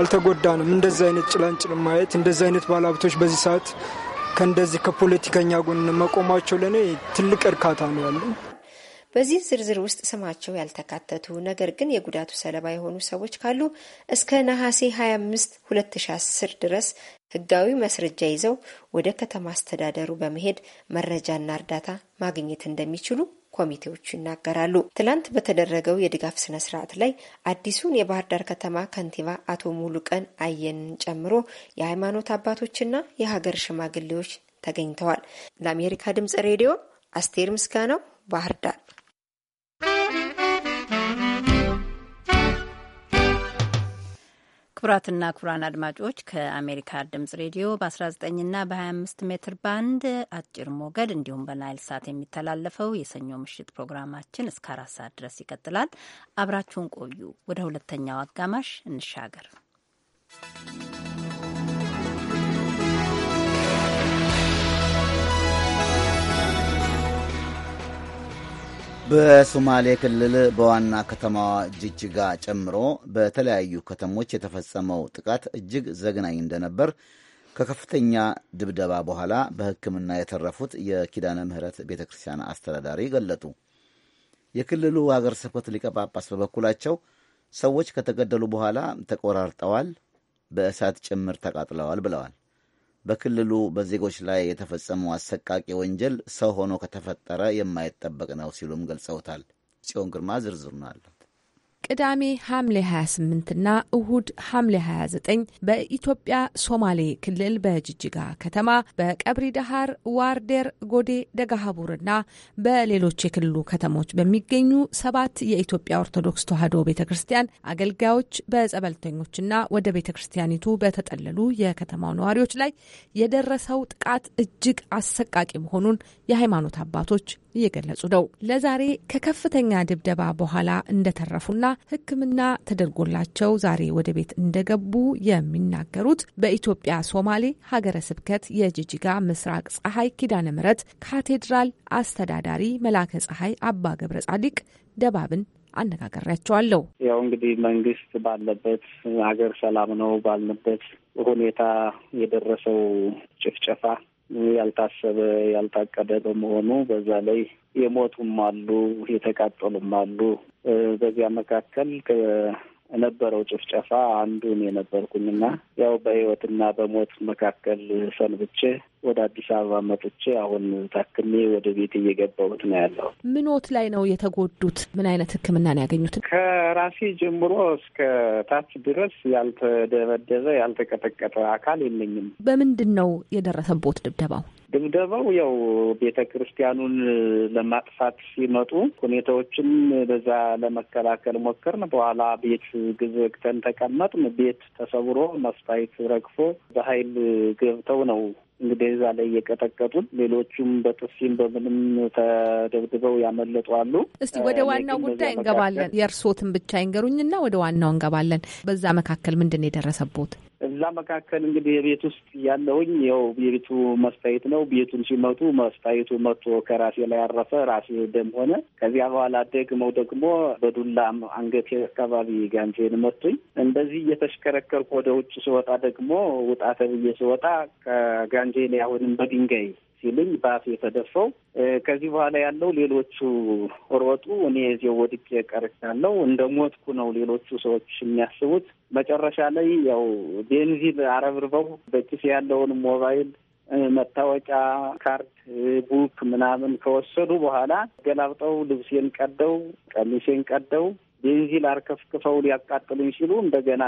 አልተጎዳንም። እንደዚህ አይነት ጭላንጭል ማየት እንደዚህ አይነት ባለሀብቶች በዚህ ሰዓት ከእንደዚህ ከፖለቲከኛ ጎን መቆማቸው ለእኔ ትልቅ እርካታ ነው ያለ። በዚህ ዝርዝር ውስጥ ስማቸው ያልተካተቱ ነገር ግን የጉዳቱ ሰለባ የሆኑ ሰዎች ካሉ እስከ ነሐሴ 25 2010 ድረስ ህጋዊ ማስረጃ ይዘው ወደ ከተማ አስተዳደሩ በመሄድ መረጃና እርዳታ ማግኘት እንደሚችሉ ኮሚቴዎቹ ይናገራሉ። ትናንት በተደረገው የድጋፍ ስነ ስርዓት ላይ አዲሱን የባህር ዳር ከተማ ከንቲባ አቶ ሙሉቀን አየንን ጨምሮ የሃይማኖት አባቶችና የሀገር ሽማግሌዎች ተገኝተዋል። ለአሜሪካ ድምጽ ሬዲዮ አስቴር ምስጋናው ባህር ዳር ክቡራትና ክቡራን አድማጮች ከአሜሪካ ድምጽ ሬዲዮ በ19ና በ25 ሜትር ባንድ አጭር ሞገድ እንዲሁም በናይል ሳት የሚተላለፈው የሰኞ ምሽት ፕሮግራማችን እስከ አራት ሰዓት ድረስ ይቀጥላል። አብራችሁን ቆዩ። ወደ ሁለተኛው አጋማሽ እንሻገር። በሶማሌ ክልል በዋና ከተማዋ ጅጅጋ ጨምሮ በተለያዩ ከተሞች የተፈጸመው ጥቃት እጅግ ዘግናኝ እንደነበር ከከፍተኛ ድብደባ በኋላ በሕክምና የተረፉት የኪዳነ ምሕረት ቤተ ክርስቲያን አስተዳዳሪ ገለጡ። የክልሉ ሀገረ ስብከት ሊቀ ጳጳስ በበኩላቸው ሰዎች ከተገደሉ በኋላ ተቆራርጠዋል፣ በእሳት ጭምር ተቃጥለዋል ብለዋል። በክልሉ በዜጎች ላይ የተፈጸመው አሰቃቂ ወንጀል ሰው ሆኖ ከተፈጠረ የማይጠበቅ ነው ሲሉም ገልጸውታል። ጽዮን ግርማ ዝርዝሩን አለው። ቅዳሜ ሐምሌ 28ና እሁድ ሐምሌ 29 በኢትዮጵያ ሶማሌ ክልል በጅጅጋ ከተማ በቀብሪ ደሃር፣ ዋርዴር፣ ጎዴ ና በሌሎች የክልሉ ከተሞች በሚገኙ ሰባት የኢትዮጵያ ኦርቶዶክስ ተዋሕዶ ቤተ ክርስቲያን አገልጋዮች ና ወደ ቤተ ክርስቲያኒቱ በተጠለሉ የከተማው ነዋሪዎች ላይ የደረሰው ጥቃት እጅግ አሰቃቂ መሆኑን የሃይማኖት አባቶች እየገለጹ ነው። ለዛሬ ከከፍተኛ ድብደባ በኋላ እንደተረፉና ሕክምና ተደርጎላቸው ዛሬ ወደ ቤት እንደገቡ የሚናገሩት በኢትዮጵያ ሶማሌ ሀገረ ስብከት የጅጅጋ ምስራቅ ፀሐይ ኪዳነ ምሕረት ካቴድራል አስተዳዳሪ መላከ ፀሐይ አባ ገብረ ጻዲቅ ደባብን አነጋገሪያቸዋለሁ። ያው እንግዲህ መንግስት ባለበት አገር ሰላም ነው ባልንበት ሁኔታ የደረሰው ጭፍጨፋ ያልታሰበ ያልታቀደ በመሆኑ በዛ ላይ የሞቱም አሉ፣ የተቃጠሉም አሉ። በዚያ መካከል የነበረው ጭፍጨፋ አንዱን የነበርኩኝና ያው በህይወትና በሞት መካከል ሰንብቼ ወደ አዲስ አበባ መጥቼ አሁን ታክሜ ወደ ቤት እየገባሁት ነው ያለው። ምኖት ላይ ነው የተጎዱት? ምን አይነት ሕክምና ነው ያገኙት? ከራሴ ጀምሮ እስከ ታች ድረስ ያልተደበደበ ያልተቀጠቀጠ አካል የለኝም። በምንድን ነው የደረሰቦት ድብደባው? ድብደባው ያው ቤተ ክርስቲያኑን ለማጥፋት ሲመጡ ሁኔታዎችን በዛ ለመከላከል ሞከርን። በኋላ ቤት ግዝግተን ተቀመጥን። ቤት ተሰብሮ መስታይት ረግፎ በኃይል ገብተው ነው እንግዲህ እዛ ላይ እየቀጠቀጡት ሌሎቹም በጥፊም በምንም ተደብድበው ያመለጡ አሉ። እስቲ ወደ ዋናው ጉዳይ እንገባለን። የእርሶትን ብቻ ይንገሩኝና ወደ ዋናው እንገባለን። በዛ መካከል ምንድን ነው የደረሰቦት? እዛ መካከል እንግዲህ የቤት ውስጥ ያለውኝ ይኸው የቤቱ መስታየት ነው። ቤቱን ሲመቱ መስታየቱ መቶ ከራሴ ላይ ያረፈ ራሴ ደም ሆነ። ከዚያ በኋላ ደግመው ደግሞ በዱላም አንገቴ አካባቢ ጋንቴን መቱኝ። እንደዚህ እየተሽከረከርኩ ወደ ውጭ ስወጣ ደግሞ ውጣ ተብዬ ስወጣ ከጋንቴን አሁንም በድንጋይ ሲልኝ በአፍ የተደፋው ከዚህ በኋላ ያለው ሌሎቹ ሮጡ፣ እኔ እዚያው ወድቄ ቀርቻለሁ፣ እንደ ሞትኩ ነው ሌሎቹ ሰዎች የሚያስቡት። መጨረሻ ላይ ያው ቤንዚል አረብርበው በኪስ ያለውን ሞባይል መታወቂያ ካርድ፣ ቡክ ምናምን ከወሰዱ በኋላ ገላብጠው ልብሴን ቀደው፣ ቀሚሴን ቀደው ቤንዚል አርከፍክፈው ሊያቃጥሉኝ ሲሉ እንደገና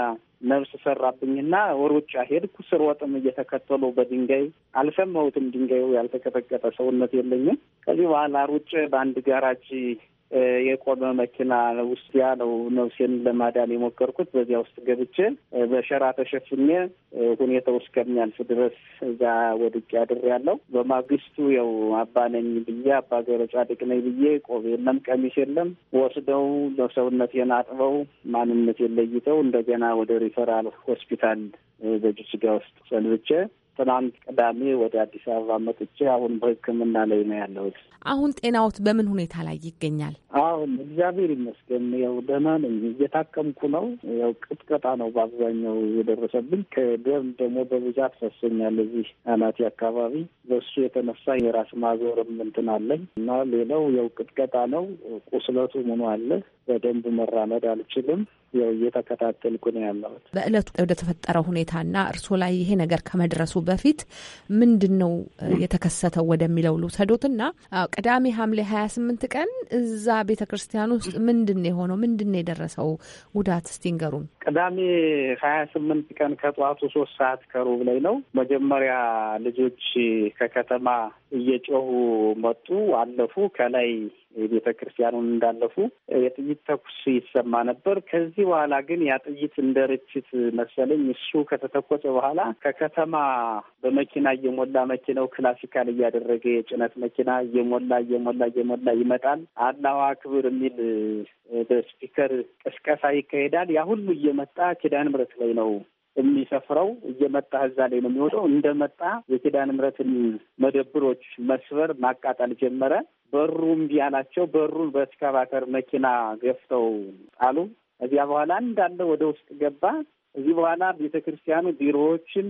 ነብስ ሰራብኝና ወሮጫ ሄድኩ። ስር ወጥም እየተከተሉ በድንጋይ አልሰማሁትም። ድንጋዩ ያልተቀጠቀጠ ሰውነት የለኝም። ከዚህ በኋላ ሩጬ በአንድ ጋራጅ የቆመ መኪና ውስጥ ያለው ነፍሴን ለማዳን የሞከርኩት በዚያ ውስጥ ገብቼ በሸራ ተሸፍኜ ሁኔታው እስከሚያልፍ ድረስ እዛ ወድቄ ያለው በማግስቱ ያው አባ ነኝ ብዬ አባ ገብረ ጻድቅ ነኝ ብዬ ቆብ የለም ቀሚስ የለም ወስደው ሰውነቴን አጥበው ማንነቴን ለይተው እንደገና ወደ ሪፈራል ሆስፒታል በጅጅጋ ውስጥ ሰንብቼ ትናንት ቅዳሜ ወደ አዲስ አበባ መጥቼ አሁን በሕክምና ላይ ነው ያለሁት። አሁን ጤናዎት በምን ሁኔታ ላይ ይገኛል? አሁን እግዚአብሔር ይመስገን ያው ደህና ነኝ፣ እየታከምኩ ነው። ያው ቅጥቀጣ ነው በአብዛኛው የደረሰብኝ። ከደም ደግሞ በብዛት ፈሰኛል እዚህ አናቴ አካባቢ። በሱ የተነሳ የራስ ማዞርም እንትን አለኝ እና ሌላው ያው ቅጥቀጣ ነው። ቁስለቱ ምኑ አለ። በደንብ መራመድ አልችልም። ያው እየተከታተልኩ ነው ያለሁት። በእለቱ ወደ ተፈጠረው ሁኔታና እርስዎ ላይ ይሄ ነገር ከመድረሱ በፊት ምንድን ነው የተከሰተው ወደሚለው ልውሰዶትና ቅዳሜ ሐምሌ ሀያ ስምንት ቀን እዛ ቤተ ክርስቲያን ውስጥ ምንድን ነው የሆነው? ምንድን ነው የደረሰው ጉዳት? እስቲ ንገሩን። ቅዳሜ ሀያ ስምንት ቀን ከጠዋቱ ሶስት ሰዓት ከሩብ ላይ ነው መጀመሪያ ልጆች ከከተማ እየጮሁ መጡ፣ አለፉ ከላይ የቤተ ክርስቲያኑን እንዳለፉ የጥይት ተኩስ ይሰማ ነበር። ከዚህ በኋላ ግን ያ ጥይት እንደ ርችት መሰለኝ እሱ ከተተኮሰ በኋላ ከከተማ በመኪና እየሞላ መኪናው ክላሲካል እያደረገ የጭነት መኪና እየሞላ እየሞላ እየሞላ ይመጣል። አላዋ አክብር የሚል በስፒከር ቅስቀሳ ይካሄዳል። ያ ሁሉ እየመጣ ኪዳነ ምሕረት ላይ ነው የሚሰፍረው እየመጣ እዛ ላይ ነው የሚወደው። እንደመጣ የኪዳነ ምሕረትን መደብሮች መስበር ማቃጠል ጀመረ። በሩ እምቢ አላቸው። በሩን በስካቫተር መኪና ገፍተው ጣሉ። እዚያ በኋላ እንዳለ ወደ ውስጥ ገባ። እዚህ በኋላ ቤተ ክርስቲያኑ ቢሮዎችን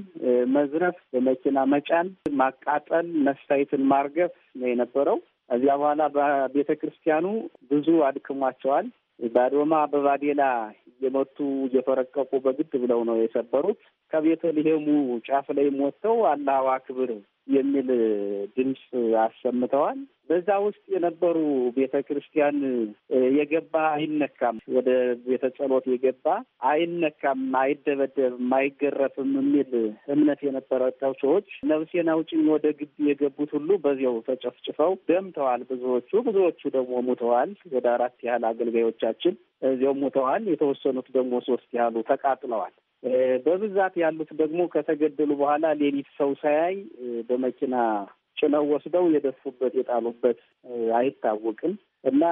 መዝረፍ፣ በመኪና መጫን፣ ማቃጠል፣ መሳይትን ማርገፍ ነው የነበረው። እዚያ በኋላ በቤተ ክርስቲያኑ ብዙ አድክሟቸዋል። ባዶማ በባዴላ እየመቱ እየፈረቀቁ በግድ ብለው ነው የሰበሩት። ከቤተልሔሙ ጫፍ ላይ ሞተው አላዋ ክብር የሚል ድምፅ አሰምተዋል። በዛ ውስጥ የነበሩ ቤተ ክርስቲያን የገባ አይነካም፣ ወደ ቤተ ጸሎት የገባ አይነካም፣ አይደበደብም፣ አይገረፍም የሚል እምነት የነበረቸው ሰዎች ነፍሴን አውጪኝ ወደ ግቢ የገቡት ሁሉ በዚያው ተጨፍጭፈው ደምተዋል። ብዙዎቹ ብዙዎቹ ደግሞ ሙተዋል። ወደ አራት ያህል አገልጋዮቻችን እዚያው ሙተዋል። የተወሰኑት ደግሞ ሶስት ያህሉ ተቃጥለዋል። በብዛት ያሉት ደግሞ ከተገደሉ በኋላ ሌሊት ሰው ሳያይ በመኪና ጭነው ወስደው የደፉበት የጣሉበት አይታወቅም እና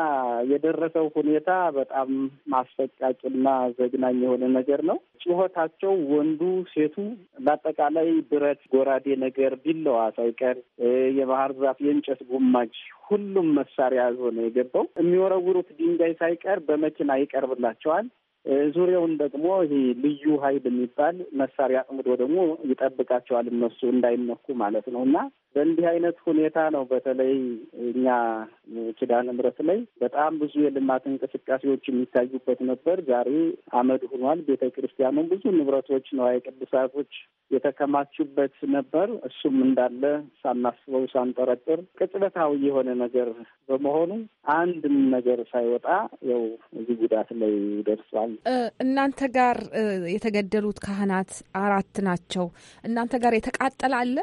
የደረሰው ሁኔታ በጣም ማሰቃቂና ዘግናኝ የሆነ ነገር ነው። ጩኸታቸው ወንዱ፣ ሴቱ በአጠቃላይ ብረት፣ ጎራዴ ነገር ቢለዋ ሳይቀር የባህር ዛፍ፣ የእንጨት ጉማጅ ሁሉም መሳሪያ ያዞ ነው የገባው። የሚወረውሩት ድንጋይ ሳይቀር በመኪና ይቀርብላቸዋል። ዙሪያውን ደግሞ ይሄ ልዩ ኃይል የሚባል መሳሪያ አጥምዶ ደግሞ ይጠብቃቸዋል እነሱ እንዳይነኩ ማለት ነው። እና በእንዲህ አይነት ሁኔታ ነው በተለይ እኛ ኪዳነ ምሕረት ላይ በጣም ብዙ የልማት እንቅስቃሴዎች የሚታዩበት ነበር። ዛሬ አመድ ሆኗል። ቤተ ክርስቲያኑም ብዙ ንብረቶች፣ ንዋየ ቅድሳቶች የተከማቹበት ነበር። እሱም እንዳለ ሳናስበው ሳንጠረጥር ቅጽበታዊ የሆነ ነገር በመሆኑ አንድም ነገር ሳይወጣ ያው እዚህ ጉዳት ላይ ደርሷል ይሆናል። እናንተ ጋር የተገደሉት ካህናት አራት ናቸው። እናንተ ጋር የተቃጠለ አለ?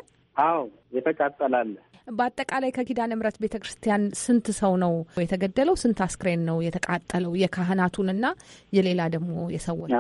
አዎ የተቃጠላለ። በአጠቃላይ ከኪዳነ ምሕረት ቤተ ክርስቲያን ስንት ሰው ነው የተገደለው? ስንት አስክሬን ነው የተቃጠለው? የካህናቱንና የሌላ ደግሞ የሰዎች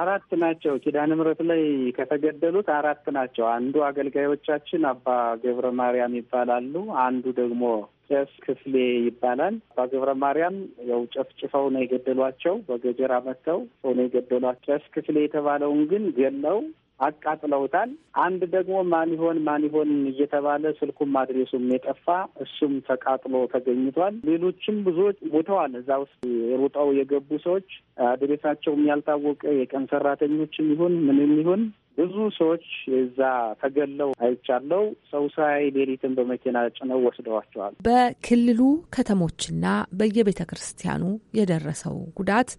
አራት ናቸው። ኪዳነ ምሕረት ላይ ከተገደሉት አራት ናቸው። አንዱ አገልጋዮቻችን አባ ገብረ ማርያም ይባላሉ። አንዱ ደግሞ ቄስ ክፍሌ ይባላል። አባ ገብረ ማርያም ያው ጨፍጭፈው ነው የገደሏቸው። በገጀራ መጥተው ሰው ነው የገደሏቸው። ቄስ ክፍሌ የተባለውን ግን ገለው አቃጥለውታል። አንድ ደግሞ ማን ይሆን ማን ይሆን እየተባለ ስልኩም አድሬሱም የጠፋ እሱም ተቃጥሎ ተገኝቷል። ሌሎችም ብዙዎች ሞተዋል። እዛ ውስጥ ሩጠው የገቡ ሰዎች አድሬሳቸውም ያልታወቀ የቀን ሰራተኞችም ይሁን ምንም ይሁን ብዙ ሰዎች የዛ ተገለው አይቻለው። ሰው ሳይ ሌሊትን በመኪና ጭነው ወስደዋቸዋል። በክልሉ ከተሞችና በየቤተ ክርስቲያኑ የደረሰው ጉዳት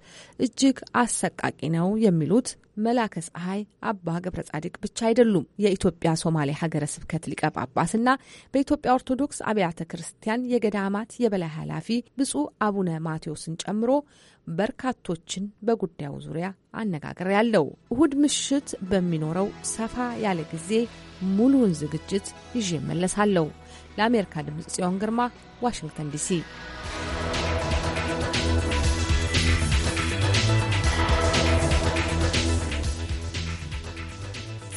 እጅግ አሰቃቂ ነው የሚሉት መላከ ፀሐይ አባ ገብረ ጻድቅ ብቻ አይደሉም። የኢትዮጵያ ሶማሌ ሀገረ ስብከት ሊቀ ጳጳስና በኢትዮጵያ ኦርቶዶክስ አብያተ ክርስቲያን የገዳማት የበላይ ኃላፊ ብፁዕ አቡነ ማቴዎስን ጨምሮ በርካቶችን በጉዳዩ ዙሪያ አነጋግር ያለው እሁድ ምሽት በሚኖረው ሰፋ ያለ ጊዜ ሙሉውን ዝግጅት ይዤ መለሳለሁ። ለአሜሪካ ድምፅ ጽዮን ግርማ፣ ዋሽንግተን ዲሲ።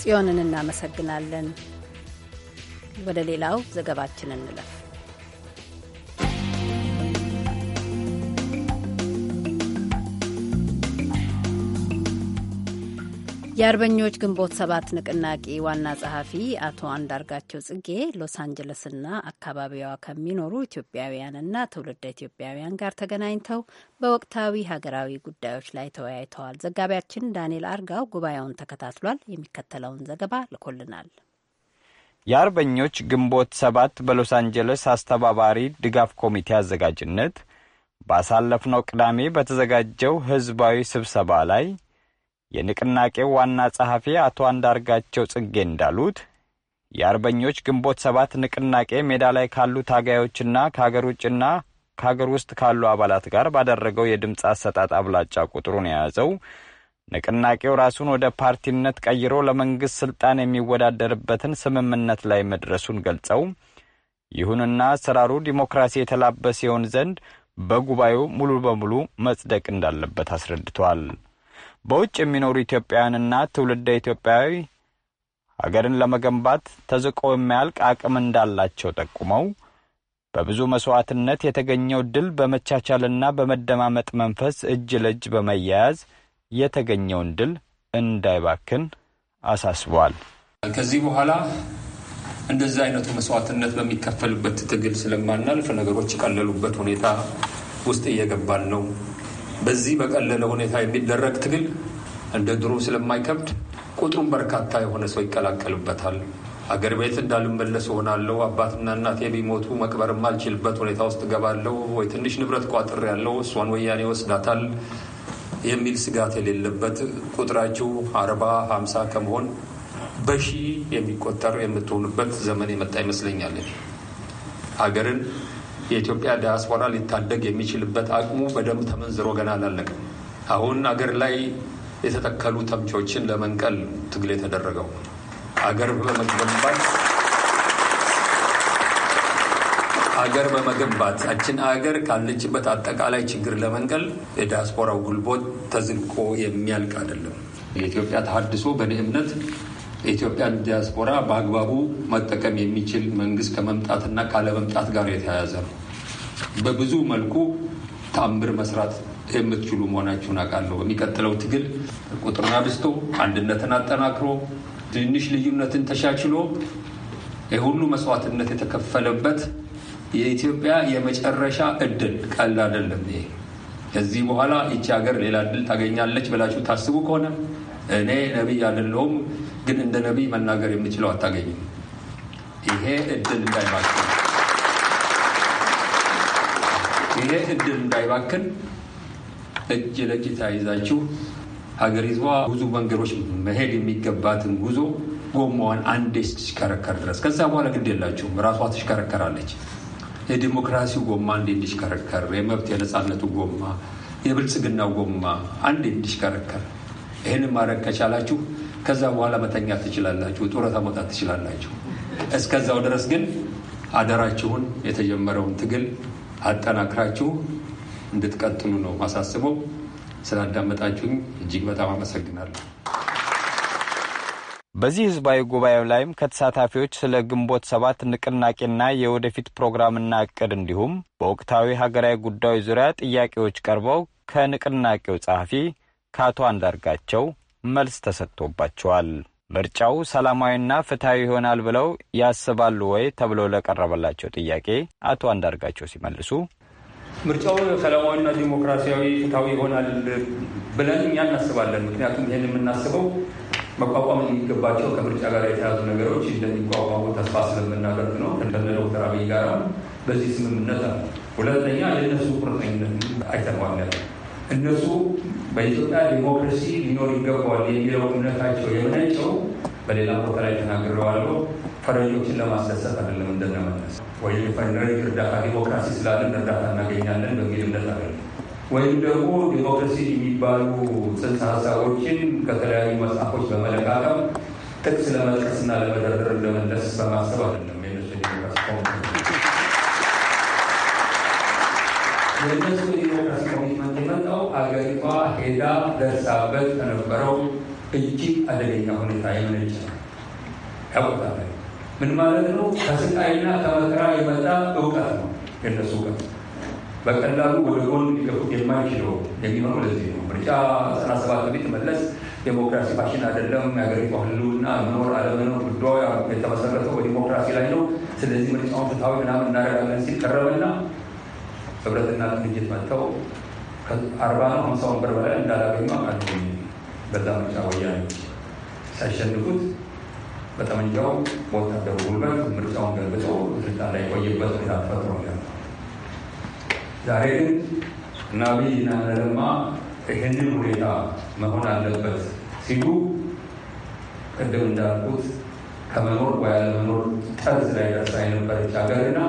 ጽዮንን እናመሰግናለን። ወደ ሌላው ዘገባችን እንለፍ። የአርበኞች ግንቦት ሰባት ንቅናቄ ዋና ጸሐፊ አቶ አንዳርጋቸው ጽጌ ሎስ አንጀለስና አካባቢዋ ከሚኖሩ ኢትዮጵያውያንና ትውልደ ኢትዮጵያውያን ጋር ተገናኝተው በወቅታዊ ሀገራዊ ጉዳዮች ላይ ተወያይተዋል። ዘጋቢያችን ዳንኤል አርጋው ጉባኤውን ተከታትሏል። የሚከተለውን ዘገባ ልኮልናል። የአርበኞች ግንቦት ሰባት በሎስ አንጀለስ አስተባባሪ ድጋፍ ኮሚቴ አዘጋጅነት ባሳለፍነው ቅዳሜ በተዘጋጀው ሕዝባዊ ስብሰባ ላይ የንቅናቄው ዋና ጸሐፊ አቶ አንዳርጋቸው ጽጌ እንዳሉት የአርበኞች ግንቦት ሰባት ንቅናቄ ሜዳ ላይ ካሉ ታጋዮችና ከአገር ውጭና ከአገር ውስጥ ካሉ አባላት ጋር ባደረገው የድምፅ አሰጣጥ አብላጫ ቁጥሩን የያዘው ንቅናቄው ራሱን ወደ ፓርቲነት ቀይሮ ለመንግሥት ሥልጣን የሚወዳደርበትን ስምምነት ላይ መድረሱን ገልጸው ይሁንና አሰራሩ ዲሞክራሲ የተላበሰ ይሆን ዘንድ በጉባኤው ሙሉ በሙሉ መጽደቅ እንዳለበት አስረድቷል። በውጭ የሚኖሩ ኢትዮጵያውያንና ትውልደ ኢትዮጵያዊ ሀገርን ለመገንባት ተዝቆ የሚያልቅ አቅም እንዳላቸው ጠቁመው በብዙ መሥዋዕትነት የተገኘው ድል በመቻቻልና በመደማመጥ መንፈስ እጅ ለእጅ በመያያዝ የተገኘውን ድል እንዳይባክን አሳስቧል። ከዚህ በኋላ እንደዚህ አይነቱ መስዋዕትነት በሚከፈልበት ትግል ስለማናልፍ ነገሮች የቀለሉበት ሁኔታ ውስጥ እየገባን ነው። በዚህ በቀለለ ሁኔታ የሚደረግ ትግል እንደ ድሮ ስለማይከብድ ቁጥሩም በርካታ የሆነ ሰው ይቀላቀልበታል። አገር ቤት እንዳልመለስ እሆናለሁ። አባትና እናቴ ቢሞቱ መቅበር የማልችልበት ሁኔታ ውስጥ እገባለሁ። ወይ ትንሽ ንብረት ቋጥር ያለው እሷን ወያኔ ወስዳታል የሚል ስጋት የሌለበት ቁጥራችሁ አርባ ሀምሳ ከመሆን በሺ የሚቆጠር የምትሆኑበት ዘመን የመጣ ይመስለኛል። አገርን የኢትዮጵያ ዲያስፖራ ሊታደግ የሚችልበት አቅሙ በደንብ ተመንዝሮ ገና አላለቅም። አሁን አገር ላይ የተተከሉ ተምቾችን ለመንቀል ትግል የተደረገው አገር በመገንባት አገር በመገንባት አችን አገር ካለችበት አጠቃላይ ችግር ለመንቀል የዲያስፖራው ጉልቦት ተዝልቆ የሚያልቅ አይደለም። የኢትዮጵያ ተሀድሶ በእኔ እምነት የኢትዮጵያን ዲያስፖራ በአግባቡ መጠቀም የሚችል መንግስት ከመምጣትና ካለመምጣት ጋር የተያያዘ ነው። በብዙ መልኩ ታምር መስራት የምትችሉ መሆናችሁን አውቃለሁ። በሚቀጥለው ትግል ቁጥርን አብዝቶ አንድነትን አጠናክሮ ትንሽ ልዩነትን ተሻችሎ የሁሉ መስዋዕትነት የተከፈለበት የኢትዮጵያ የመጨረሻ እድል ቀል አይደለም። ይሄ ከዚህ በኋላ ይቺ ሀገር ሌላ እድል ታገኛለች ብላችሁ ታስቡ ከሆነ እኔ ነቢይ አይደለሁም፣ ግን እንደ ነቢይ መናገር የምችለው አታገኝም። ይሄ እድል እንዳይባክን ይሄ እድል እንዳይባክን እጅ ለእጅ ተያይዛችሁ ሀገሪቷ ብዙ መንገዶች መሄድ የሚገባትን ጉዞ ጎማዋን አንዴ እስኪሽከረከር ድረስ ከዛ በኋላ ግድ የላችሁም፣ ራሷ ትሽከረከራለች። የዲሞክራሲው ጎማ አንዴ እንዲሽከረከር፣ የመብት የነፃነቱ ጎማ፣ የብልጽግናው ጎማ አንዴ እንዲሽከረከር ይህንን ማድረግ ከቻላችሁ ከዛ በኋላ መተኛት ትችላላችሁ፣ ጡረታ መውጣት ትችላላችሁ። እስከዛው ድረስ ግን አደራችሁን የተጀመረውን ትግል አጠናክራችሁ እንድትቀጥሉ ነው ማሳስበው። ስላዳመጣችሁኝ እጅግ በጣም አመሰግናለሁ። በዚህ ህዝባዊ ጉባኤ ላይም ከተሳታፊዎች ስለ ግንቦት ሰባት ንቅናቄና የወደፊት ፕሮግራምና እቅድ እንዲሁም በወቅታዊ ሀገራዊ ጉዳዮች ዙሪያ ጥያቄዎች ቀርበው ከንቅናቄው ጸሐፊ ከአቶ አንዳርጋቸው መልስ ተሰጥቶባቸዋል። ምርጫው ሰላማዊና ፍትሐዊ ይሆናል ብለው ያስባሉ ወይ ተብሎ ለቀረበላቸው ጥያቄ አቶ አንዳርጋቸው ሲመልሱ ምርጫው ሰላማዊና ዲሞክራሲያዊ ፍትሐዊ ይሆናል ብለን እኛ እናስባለን። ምክንያቱም ይህን የምናስበው መቋቋም የሚገባቸው ከምርጫ ጋር የተያዙ ነገሮች እንደሚቋቋሙ ተስፋ ስለምናደርግ ነው። ከነ ዶክተር አብይ በዚህ ስምምነት ሁለተኛ የእነሱ ቁርጠኝነት አይተነዋል። እነሱ በኢትዮጵያ ዲሞክራሲ ሊኖር ይገባዋል የሚለው እምነታቸው የመነጨው በሌላ ቦታ ላይ ተናግረዋለሁ። ፈረንጆችን ለማስደሰት አይደለም እንደነመለስ ወይም የፈረንጅ እርዳታ ዲሞክራሲ ስላለን እርዳታ እናገኛለን በሚል እምነት አይደለም ወይም ደግሞ ዲሞክራሲ የሚባሉ ጽንሰ ሀሳቦችን ከተለያዩ መጽሐፎች በመለቃቀም ጥቅስ ለመጥቀስ ለመጥቀስና ለመደርደር እንደመለስ በማሰብ አይደለም። የነሱ ዲሞክራሲ ኮሚትመንት የነሱ ዲሞክራሲ ኮሚትመንት ሀገሪቷ ሄዳ ደርሳበት ከነበረው እጅግ አደገኛ ሁኔታ የመነጨ ነው። ያቦታ ምን ማለት ነው? ከስቃይና ከመከራ የመጣ እውቀት ነው። የነሱ እውቀት በቀላሉ ወደ ጎን ሊገፉት የማይችለው የሚሆኑ ለዚህ ነው። ምርጫ ዘጠና ሰባት መለስ ዴሞክራሲ ፋሽን አይደለም። የሀገሪቷ ህልውና መኖር አለመኖር ጉዳዩ የተመሰረተው በዲሞክራሲ ላይ ነው። ስለዚህ ምርጫውን ፍትሐዊ ምናምን እናደርጋለን ሲል ቀረበና ህብረትና ቅንጅት መጥተው አርባ ነው ሀምሳ ወንበር በላይ እንዳላገኙ አቃል በዛ ምርጫ ወያኔዎች ሲያሸንፉት በጠመንጃው በወታደሩ ጉልበት ምርጫውን ገልብጦ ስልጣን ላይ ቆይበት ሁኔታ ተፈጥሮ ያለ ዛሬ ግን እነ አብይ እና ለማ ይህንን ሁኔታ መሆን አለበት ሲሉ ቅድም እንዳልኩት ከመኖር ወያለመኖር ጠርዝ ላይ ደርሳ የነበረች ሀገርና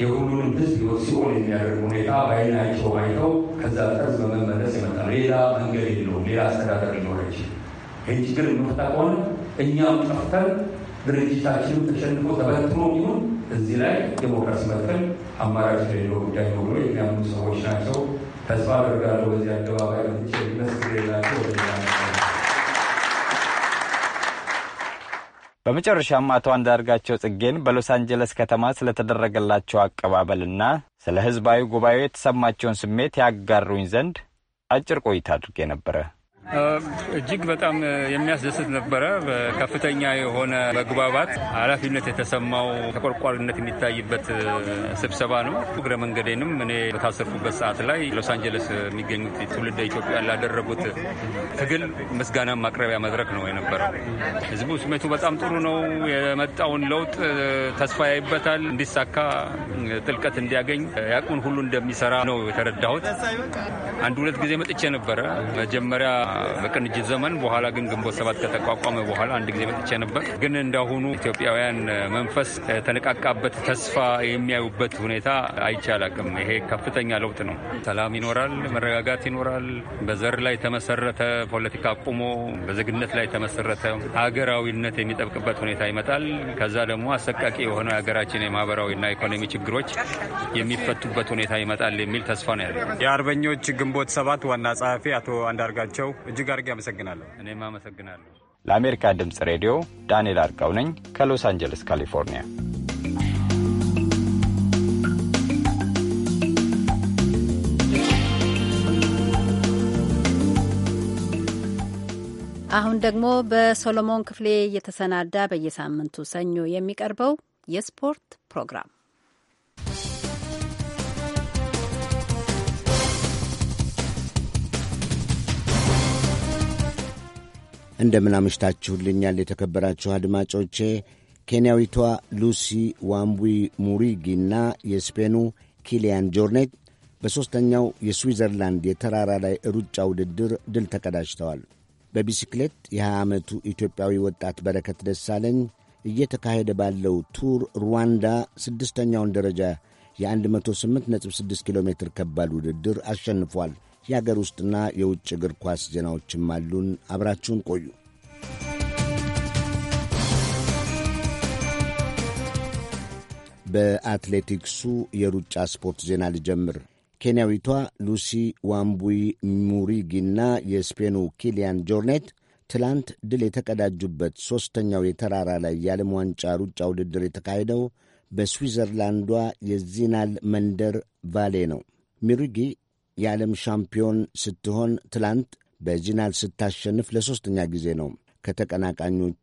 የሁሉንም ህዝብ ሲሆን የሚያደርግ ሁኔታ በአይናቸው አይተው ከዛ ጠርዝ በመመለስ የመጣ ሌላ መንገድ የለውም። ሌላ አስተዳደር ሊኖረች ይህን ችግር የምንፈታ ከሆነ እኛም ጠፍተን ድርጅታችንም ተሸንፎ ተበትኖ ቢሆን እዚህ ላይ ዴሞክራሲ መጥፈል አማራጭ የሌለው ጉዳይ ነው ብሎ የሚያምኑ ሰዎች ናቸው። ተስፋ አደርጋለሁ በዚህ አደባባይ መጥቼ መስክሬ ናቸው ወደ በመጨረሻም አቶ አንዳርጋቸው ጽጌን በሎስ አንጀለስ ከተማ ስለተደረገላቸው አቀባበልና ስለ ህዝባዊ ጉባኤው የተሰማቸውን ስሜት ያጋሩኝ ዘንድ አጭር ቆይታ አድርጌ ነበረ። እጅግ በጣም የሚያስደስት ነበረ። ከፍተኛ የሆነ መግባባት፣ ኃላፊነት የተሰማው ተቆርቋሪነት የሚታይበት ስብሰባ ነው። እግረ መንገዴንም እኔ በታሰርኩበት ሰዓት ላይ ሎስ አንጀለስ የሚገኙት ትውልደ ኢትዮጵያ ላደረጉት ትግል ምስጋና ማቅረቢያ መድረክ ነው የነበረው። ህዝቡ ስሜቱ በጣም ጥሩ ነው። የመጣውን ለውጥ ተስፋ ያይበታል። እንዲሳካ ጥልቀት እንዲያገኝ ያቁን ሁሉ እንደሚሰራ ነው የተረዳሁት። አንድ ሁለት ጊዜ መጥቼ ነበረ መጀመሪያ በቅንጅት ዘመን በኋላ ግን ግንቦት ሰባት ከተቋቋመ በኋላ አንድ ጊዜ መጥቼ ነበር። ግን እንዳሁኑ ኢትዮጵያውያን መንፈስ የተነቃቃበት ተስፋ የሚያዩበት ሁኔታ አይቻላቅም። ይሄ ከፍተኛ ለውጥ ነው። ሰላም ይኖራል፣ መረጋጋት ይኖራል። በዘር ላይ የተመሰረተ ፖለቲካ አቁሞ በዜግነት ላይ የተመሰረተ ሀገራዊነት የሚጠብቅበት ሁኔታ ይመጣል። ከዛ ደግሞ አሰቃቂ የሆነ ሀገራችን የማህበራዊና ኢኮኖሚ ችግሮች የሚፈቱበት ሁኔታ ይመጣል የሚል ተስፋ ነው ያለ የአርበኞች ግንቦት ሰባት ዋና ጸሐፊ አቶ አንዳርጋቸው እጅግ አድርጌ አመሰግናለሁ። እኔም አመሰግናለሁ። ለአሜሪካ ድምፅ ሬዲዮ ዳንኤል አርጋው ነኝ ከሎስ አንጀለስ ካሊፎርኒያ። አሁን ደግሞ በሶሎሞን ክፍሌ እየተሰናዳ በየሳምንቱ ሰኞ የሚቀርበው የስፖርት ፕሮግራም እንደምን አምሽታችሁልኛል የተከበራችሁ አድማጮቼ። ኬንያዊቷ ሉሲ ዋምቢ ሙሪጊና የስፔኑ ኪሊያን ጆርኔት በሦስተኛው የስዊዘርላንድ የተራራ ላይ ሩጫ ውድድር ድል ተቀዳጅተዋል። በቢሲክሌት የ20 ዓመቱ ኢትዮጵያዊ ወጣት በረከት ደሳለኝ እየተካሄደ ባለው ቱር ሩዋንዳ ስድስተኛውን ደረጃ የ108.6 ኪሎ ሜትር ከባድ ውድድር አሸንፏል። የአገር ውስጥና የውጭ እግር ኳስ ዜናዎችም አሉን። አብራችሁን ቆዩ። በአትሌቲክሱ የሩጫ ስፖርት ዜና ልጀምር። ኬንያዊቷ ሉሲ ዋምቡይ ሙሪጊና የስፔኑ ኪሊያን ጆርኔት ትላንት ድል የተቀዳጁበት ሦስተኛው የተራራ ላይ የዓለም ዋንጫ ሩጫ ውድድር የተካሄደው በስዊዘርላንዷ የዚናል መንደር ቫሌ ነው። ሚሪጊ የዓለም ሻምፒዮን ስትሆን ትላንት በጂናል ስታሸንፍ ለሦስተኛ ጊዜ ነው። ከተቀናቃኞቿ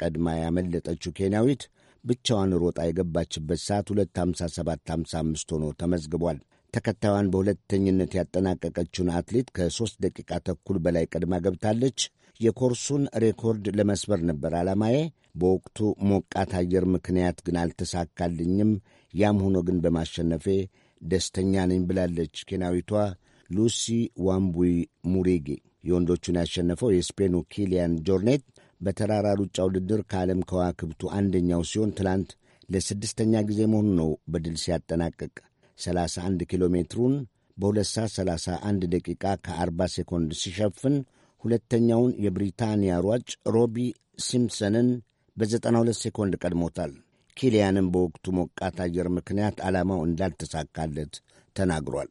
ቀድማ ያመለጠችው ኬንያዊት ብቻዋን ሮጣ የገባችበት ሰዓት 25755 ሆኖ ተመዝግቧል። ተከታዩን በሁለተኝነት ያጠናቀቀችውን አትሌት ከሦስት ደቂቃ ተኩል በላይ ቀድማ ገብታለች። የኮርሱን ሬኮርድ ለመስበር ነበር ዓላማዬ። በወቅቱ ሞቃት አየር ምክንያት ግን አልተሳካልኝም። ያም ሆኖ ግን በማሸነፌ ደስተኛ ነኝ ብላለች ኬንያዊቷ ሉሲ ዋምቡይ ሙሬጌ። የወንዶቹን ያሸነፈው የስፔኑ ኪሊያን ጆርኔት በተራራ ሩጫ ውድድር ከዓለም ከዋክብቱ አንደኛው ሲሆን ትላንት ለስድስተኛ ጊዜ መሆኑ ነው በድል ሲያጠናቅቅ 31 ኪሎ ሜትሩን በ2 ሰዓት 31 ደቂቃ ከ40 ሴኮንድ ሲሸፍን ሁለተኛውን የብሪታንያ ሯጭ ሮቢ ሲምፕሰንን በ92 ሴኮንድ ቀድሞታል። ኪሊያንም በወቅቱ ሞቃት አየር ምክንያት ዓላማው እንዳልተሳካለት ተናግሯል።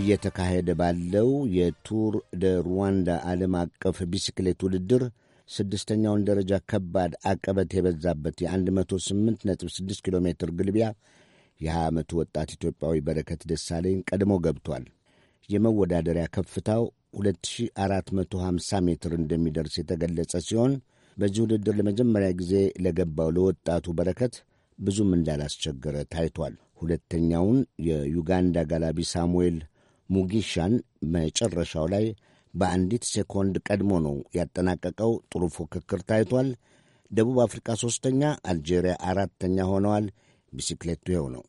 እየተካሄደ ባለው የቱር ደ ሩዋንዳ ዓለም አቀፍ ቢስክሌት ውድድር ስድስተኛውን ደረጃ ከባድ አቀበት የበዛበት የ108.6 ኪሎ ሜትር ግልቢያ የ20 ዓመቱ ወጣት ኢትዮጵያዊ በረከት ደሳለኝ ቀድሞ ገብቷል። የመወዳደሪያ ከፍታው 2450 ሜትር እንደሚደርስ የተገለጸ ሲሆን በዚህ ውድድር ለመጀመሪያ ጊዜ ለገባው ለወጣቱ በረከት ብዙም እንዳላስቸገረ ታይቷል። ሁለተኛውን የዩጋንዳ ጋላቢ ሳሙኤል ሙጊሻን መጨረሻው ላይ በአንዲት ሴኮንድ ቀድሞ ነው ያጠናቀቀው። ጥሩ ፉክክር ታይቷል። ደቡብ አፍሪካ ሦስተኛ፣ አልጄሪያ አራተኛ ሆነዋል። ቢሲክሌቱ ይኸው ነው።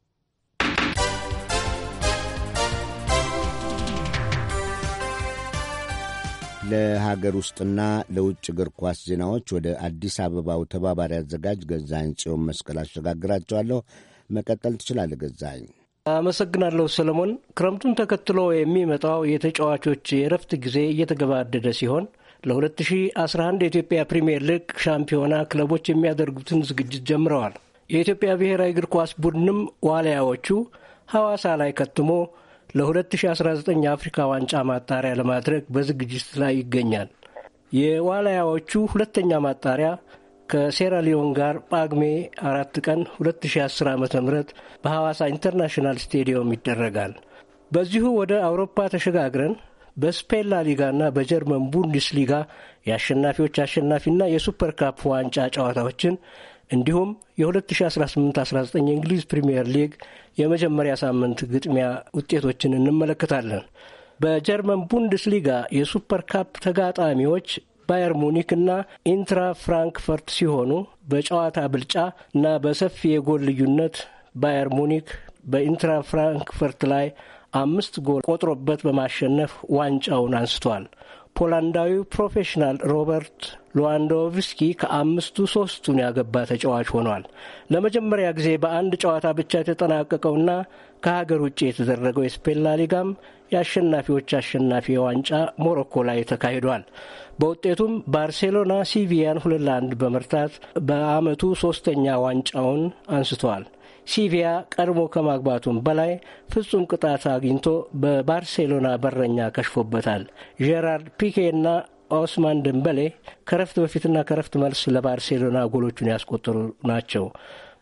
ለሀገር ውስጥና ለውጭ እግር ኳስ ዜናዎች ወደ አዲስ አበባው ተባባሪ አዘጋጅ ገዛኝ ጽዮን መስቀል አሸጋግራቸዋለሁ። መቀጠል ትችላለህ ገዛኝ። አመሰግናለሁ ሰለሞን። ክረምቱን ተከትሎ የሚመጣው የተጫዋቾች የእረፍት ጊዜ እየተገባደደ ሲሆን ለ2011 የኢትዮጵያ ፕሪምየር ሊግ ሻምፒዮና ክለቦች የሚያደርጉትን ዝግጅት ጀምረዋል። የኢትዮጵያ ብሔራዊ እግር ኳስ ቡድንም ዋልያዎቹ ሐዋሳ ላይ ከትሞ ለ2019 የአፍሪካ ዋንጫ ማጣሪያ ለማድረግ በዝግጅት ላይ ይገኛል። የዋልያዎቹ ሁለተኛ ማጣሪያ ከሴራሊዮን ጋር ጳጉሜ አራት ቀን 2010 ዓ ም በሐዋሳ ኢንተርናሽናል ስቴዲየም ይደረጋል። በዚሁ ወደ አውሮፓ ተሸጋግረን በስፔን ላሊጋና በጀርመን ቡንደስሊጋ የአሸናፊዎች አሸናፊና የሱፐር ካፕ ዋንጫ ጨዋታዎችን እንዲሁም የ2018-19 የእንግሊዝ ፕሪምየር ሊግ የመጀመሪያ ሳምንት ግጥሚያ ውጤቶችን እንመለከታለን። በጀርመን ሊጋ የሱፐር ካፕ ተጋጣሚዎች ባየር ሙኒክ እና ኢንትራ ፍራንክፈርት ሲሆኑ በጨዋታ ብልጫ እና በሰፊ የጎል ልዩነት ባየር ሙኒክ በኢንትራ ፍራንክፈርት ላይ አምስት ጎል ቆጥሮበት በማሸነፍ ዋንጫውን አንስቷል። ፖላንዳዊው ፕሮፌሽናል ሮበርት ሉዋንዶቭስኪ ከአምስቱ ሶስቱን ያገባ ተጫዋች ሆኗል። ለመጀመሪያ ጊዜ በአንድ ጨዋታ ብቻ የተጠናቀቀውና ከሀገር ውጭ የተደረገው የስፔን ላሊጋም የአሸናፊዎች አሸናፊ ዋንጫ ሞሮኮ ላይ ተካሂዷል። በውጤቱም ባርሴሎና ሲቪያን ሁለት ለአንድ በመርታት በአመቱ ሶስተኛ ዋንጫውን አንስተዋል። ሲቪያ ቀድሞ ከማግባቱም በላይ ፍጹም ቅጣት አግኝቶ በባርሴሎና በረኛ ከሽፎበታል። ጄራርድ ፒኬና ኦስማን ድንበሌ ከረፍት በፊትና ከረፍት መልስ ለባርሴሎና ጎሎቹን ያስቆጠሩ ናቸው።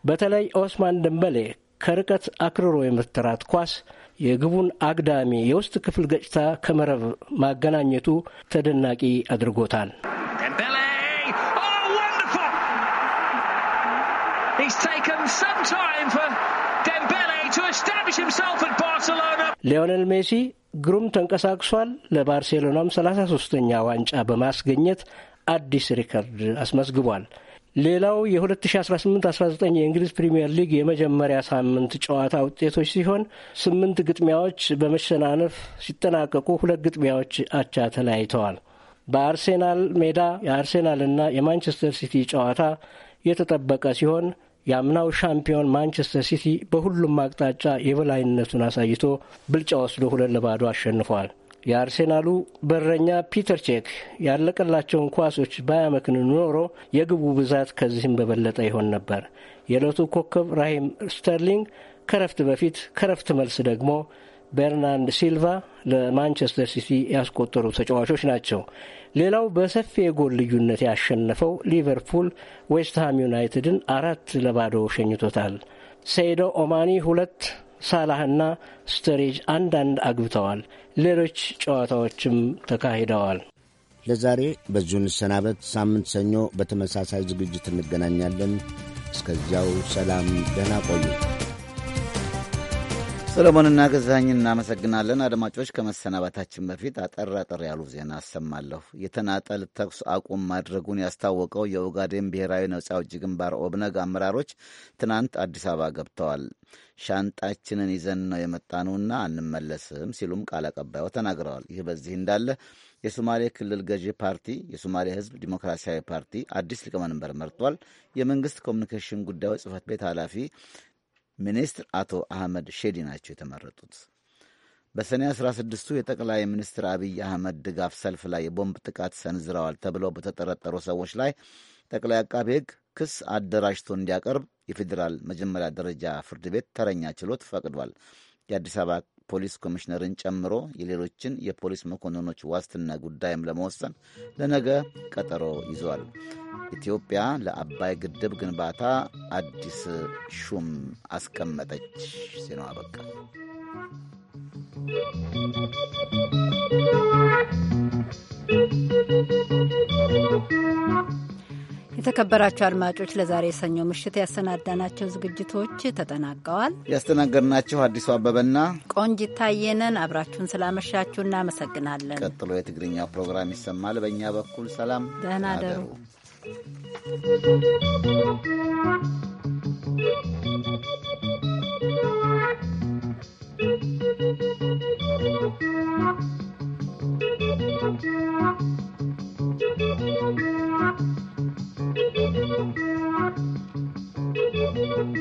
በተለይ ኦስማን ድንበሌ ከርቀት አክርሮ የምትራት ኳስ የግቡን አግዳሚ የውስጥ ክፍል ገጭታ ከመረብ ማገናኘቱ ተደናቂ አድርጎታል። He's taken some time for Dembele to establish himself at Barcelona. Lionel ሜሲ ግሩም ተንቀሳቅሷል። ለባርሴሎናም 33ኛ ዋንጫ በማስገኘት አዲስ ሪከርድ አስመዝግቧል። ሌላው የ2018-19 የእንግሊዝ ፕሪምየር ሊግ የመጀመሪያ ሳምንት ጨዋታ ውጤቶች ሲሆን ስምንት ግጥሚያዎች በመሸናነፍ ሲጠናቀቁ ሁለት ግጥሚያዎች አቻ ተለያይተዋል። በአርሴናል ሜዳ የአርሴናልና የማንቸስተር ሲቲ ጨዋታ የተጠበቀ ሲሆን የአምናው ሻምፒዮን ማንቸስተር ሲቲ በሁሉም አቅጣጫ የበላይነቱን አሳይቶ ብልጫ ወስዶ ሁለት ለባዶ አሸንፏል። የአርሴናሉ በረኛ ፒተር ቼክ ያለቀላቸውን ኳሶች ባያመክን ኖሮ የግቡ ብዛት ከዚህም በበለጠ ይሆን ነበር። የዕለቱ ኮከብ ራሂም ስተርሊንግ ከረፍት በፊት ከረፍት መልስ ደግሞ በርናንድ ሲልቫ ለማንቸስተር ሲቲ ያስቆጠሩ ተጫዋቾች ናቸው። ሌላው በሰፊ የጎል ልዩነት ያሸነፈው ሊቨርፑል ዌስትሃም ዩናይትድን አራት ለባዶ ሸኝቶታል። ሰይዶ ኦማኒ ሁለት ሳላህና ስተሬጅ አንዳንድ አግብተዋል። ሌሎች ጨዋታዎችም ተካሂደዋል። ለዛሬ በዚሁ እንሰናበት። ሳምንት ሰኞ በተመሳሳይ ዝግጅት እንገናኛለን። እስከዚያው ሰላም፣ ደህና ቆዩ። ሰለሞንና ገዛኝ እናመሰግናለን። አድማጮች ከመሰናበታችን በፊት አጠር አጠር ያሉ ዜና አሰማለሁ። የተናጠል ተኩስ አቁም ማድረጉን ያስታወቀው የኦጋዴን ብሔራዊ ነጻ አውጪ ግንባር ኦብነግ አመራሮች ትናንት አዲስ አበባ ገብተዋል። ሻንጣችንን ይዘን ነው የመጣነውና አንመለስም ሲሉም ቃል አቀባዩ ተናግረዋል። ይህ በዚህ እንዳለ የሶማሌ ክልል ገዢ ፓርቲ የሶማሌ ሕዝብ ዲሞክራሲያዊ ፓርቲ አዲስ ሊቀመንበር መርጧል። የመንግስት ኮሚኒኬሽን ጉዳዮች ጽህፈት ቤት ኃላፊ ሚኒስትር አቶ አህመድ ሼዲ ናቸው የተመረጡት። በሰኔ 16ቱ የጠቅላይ ሚኒስትር አብይ አህመድ ድጋፍ ሰልፍ ላይ የቦምብ ጥቃት ሰንዝረዋል ተብለው በተጠረጠሩ ሰዎች ላይ ጠቅላይ አቃቤ ሕግ ክስ አደራጅቶ እንዲያቀርብ የፌዴራል መጀመሪያ ደረጃ ፍርድ ቤት ተረኛ ችሎት ፈቅዷል። የአዲስ አበባ ፖሊስ ኮሚሽነርን ጨምሮ የሌሎችን የፖሊስ መኮንኖች ዋስትና ጉዳይም ለመወሰን ለነገ ቀጠሮ ይዟል። ኢትዮጵያ ለአባይ ግድብ ግንባታ አዲስ ሹም አስቀመጠች። ዜናው አበቃ። Thank you. የተከበራቸው አድማጮች ለዛሬ የሰኞ ምሽት ያሰናዳናቸው ዝግጅቶች ተጠናቀዋል። ያስተናገድናችሁ አዲሱ አበበና ቆንጂት ታየነን አብራችሁን ስላመሻችሁ እናመሰግናለን። ቀጥሎ የትግርኛ ፕሮግራም ይሰማል። በእኛ በኩል ሰላም፣ ደህና you. thank you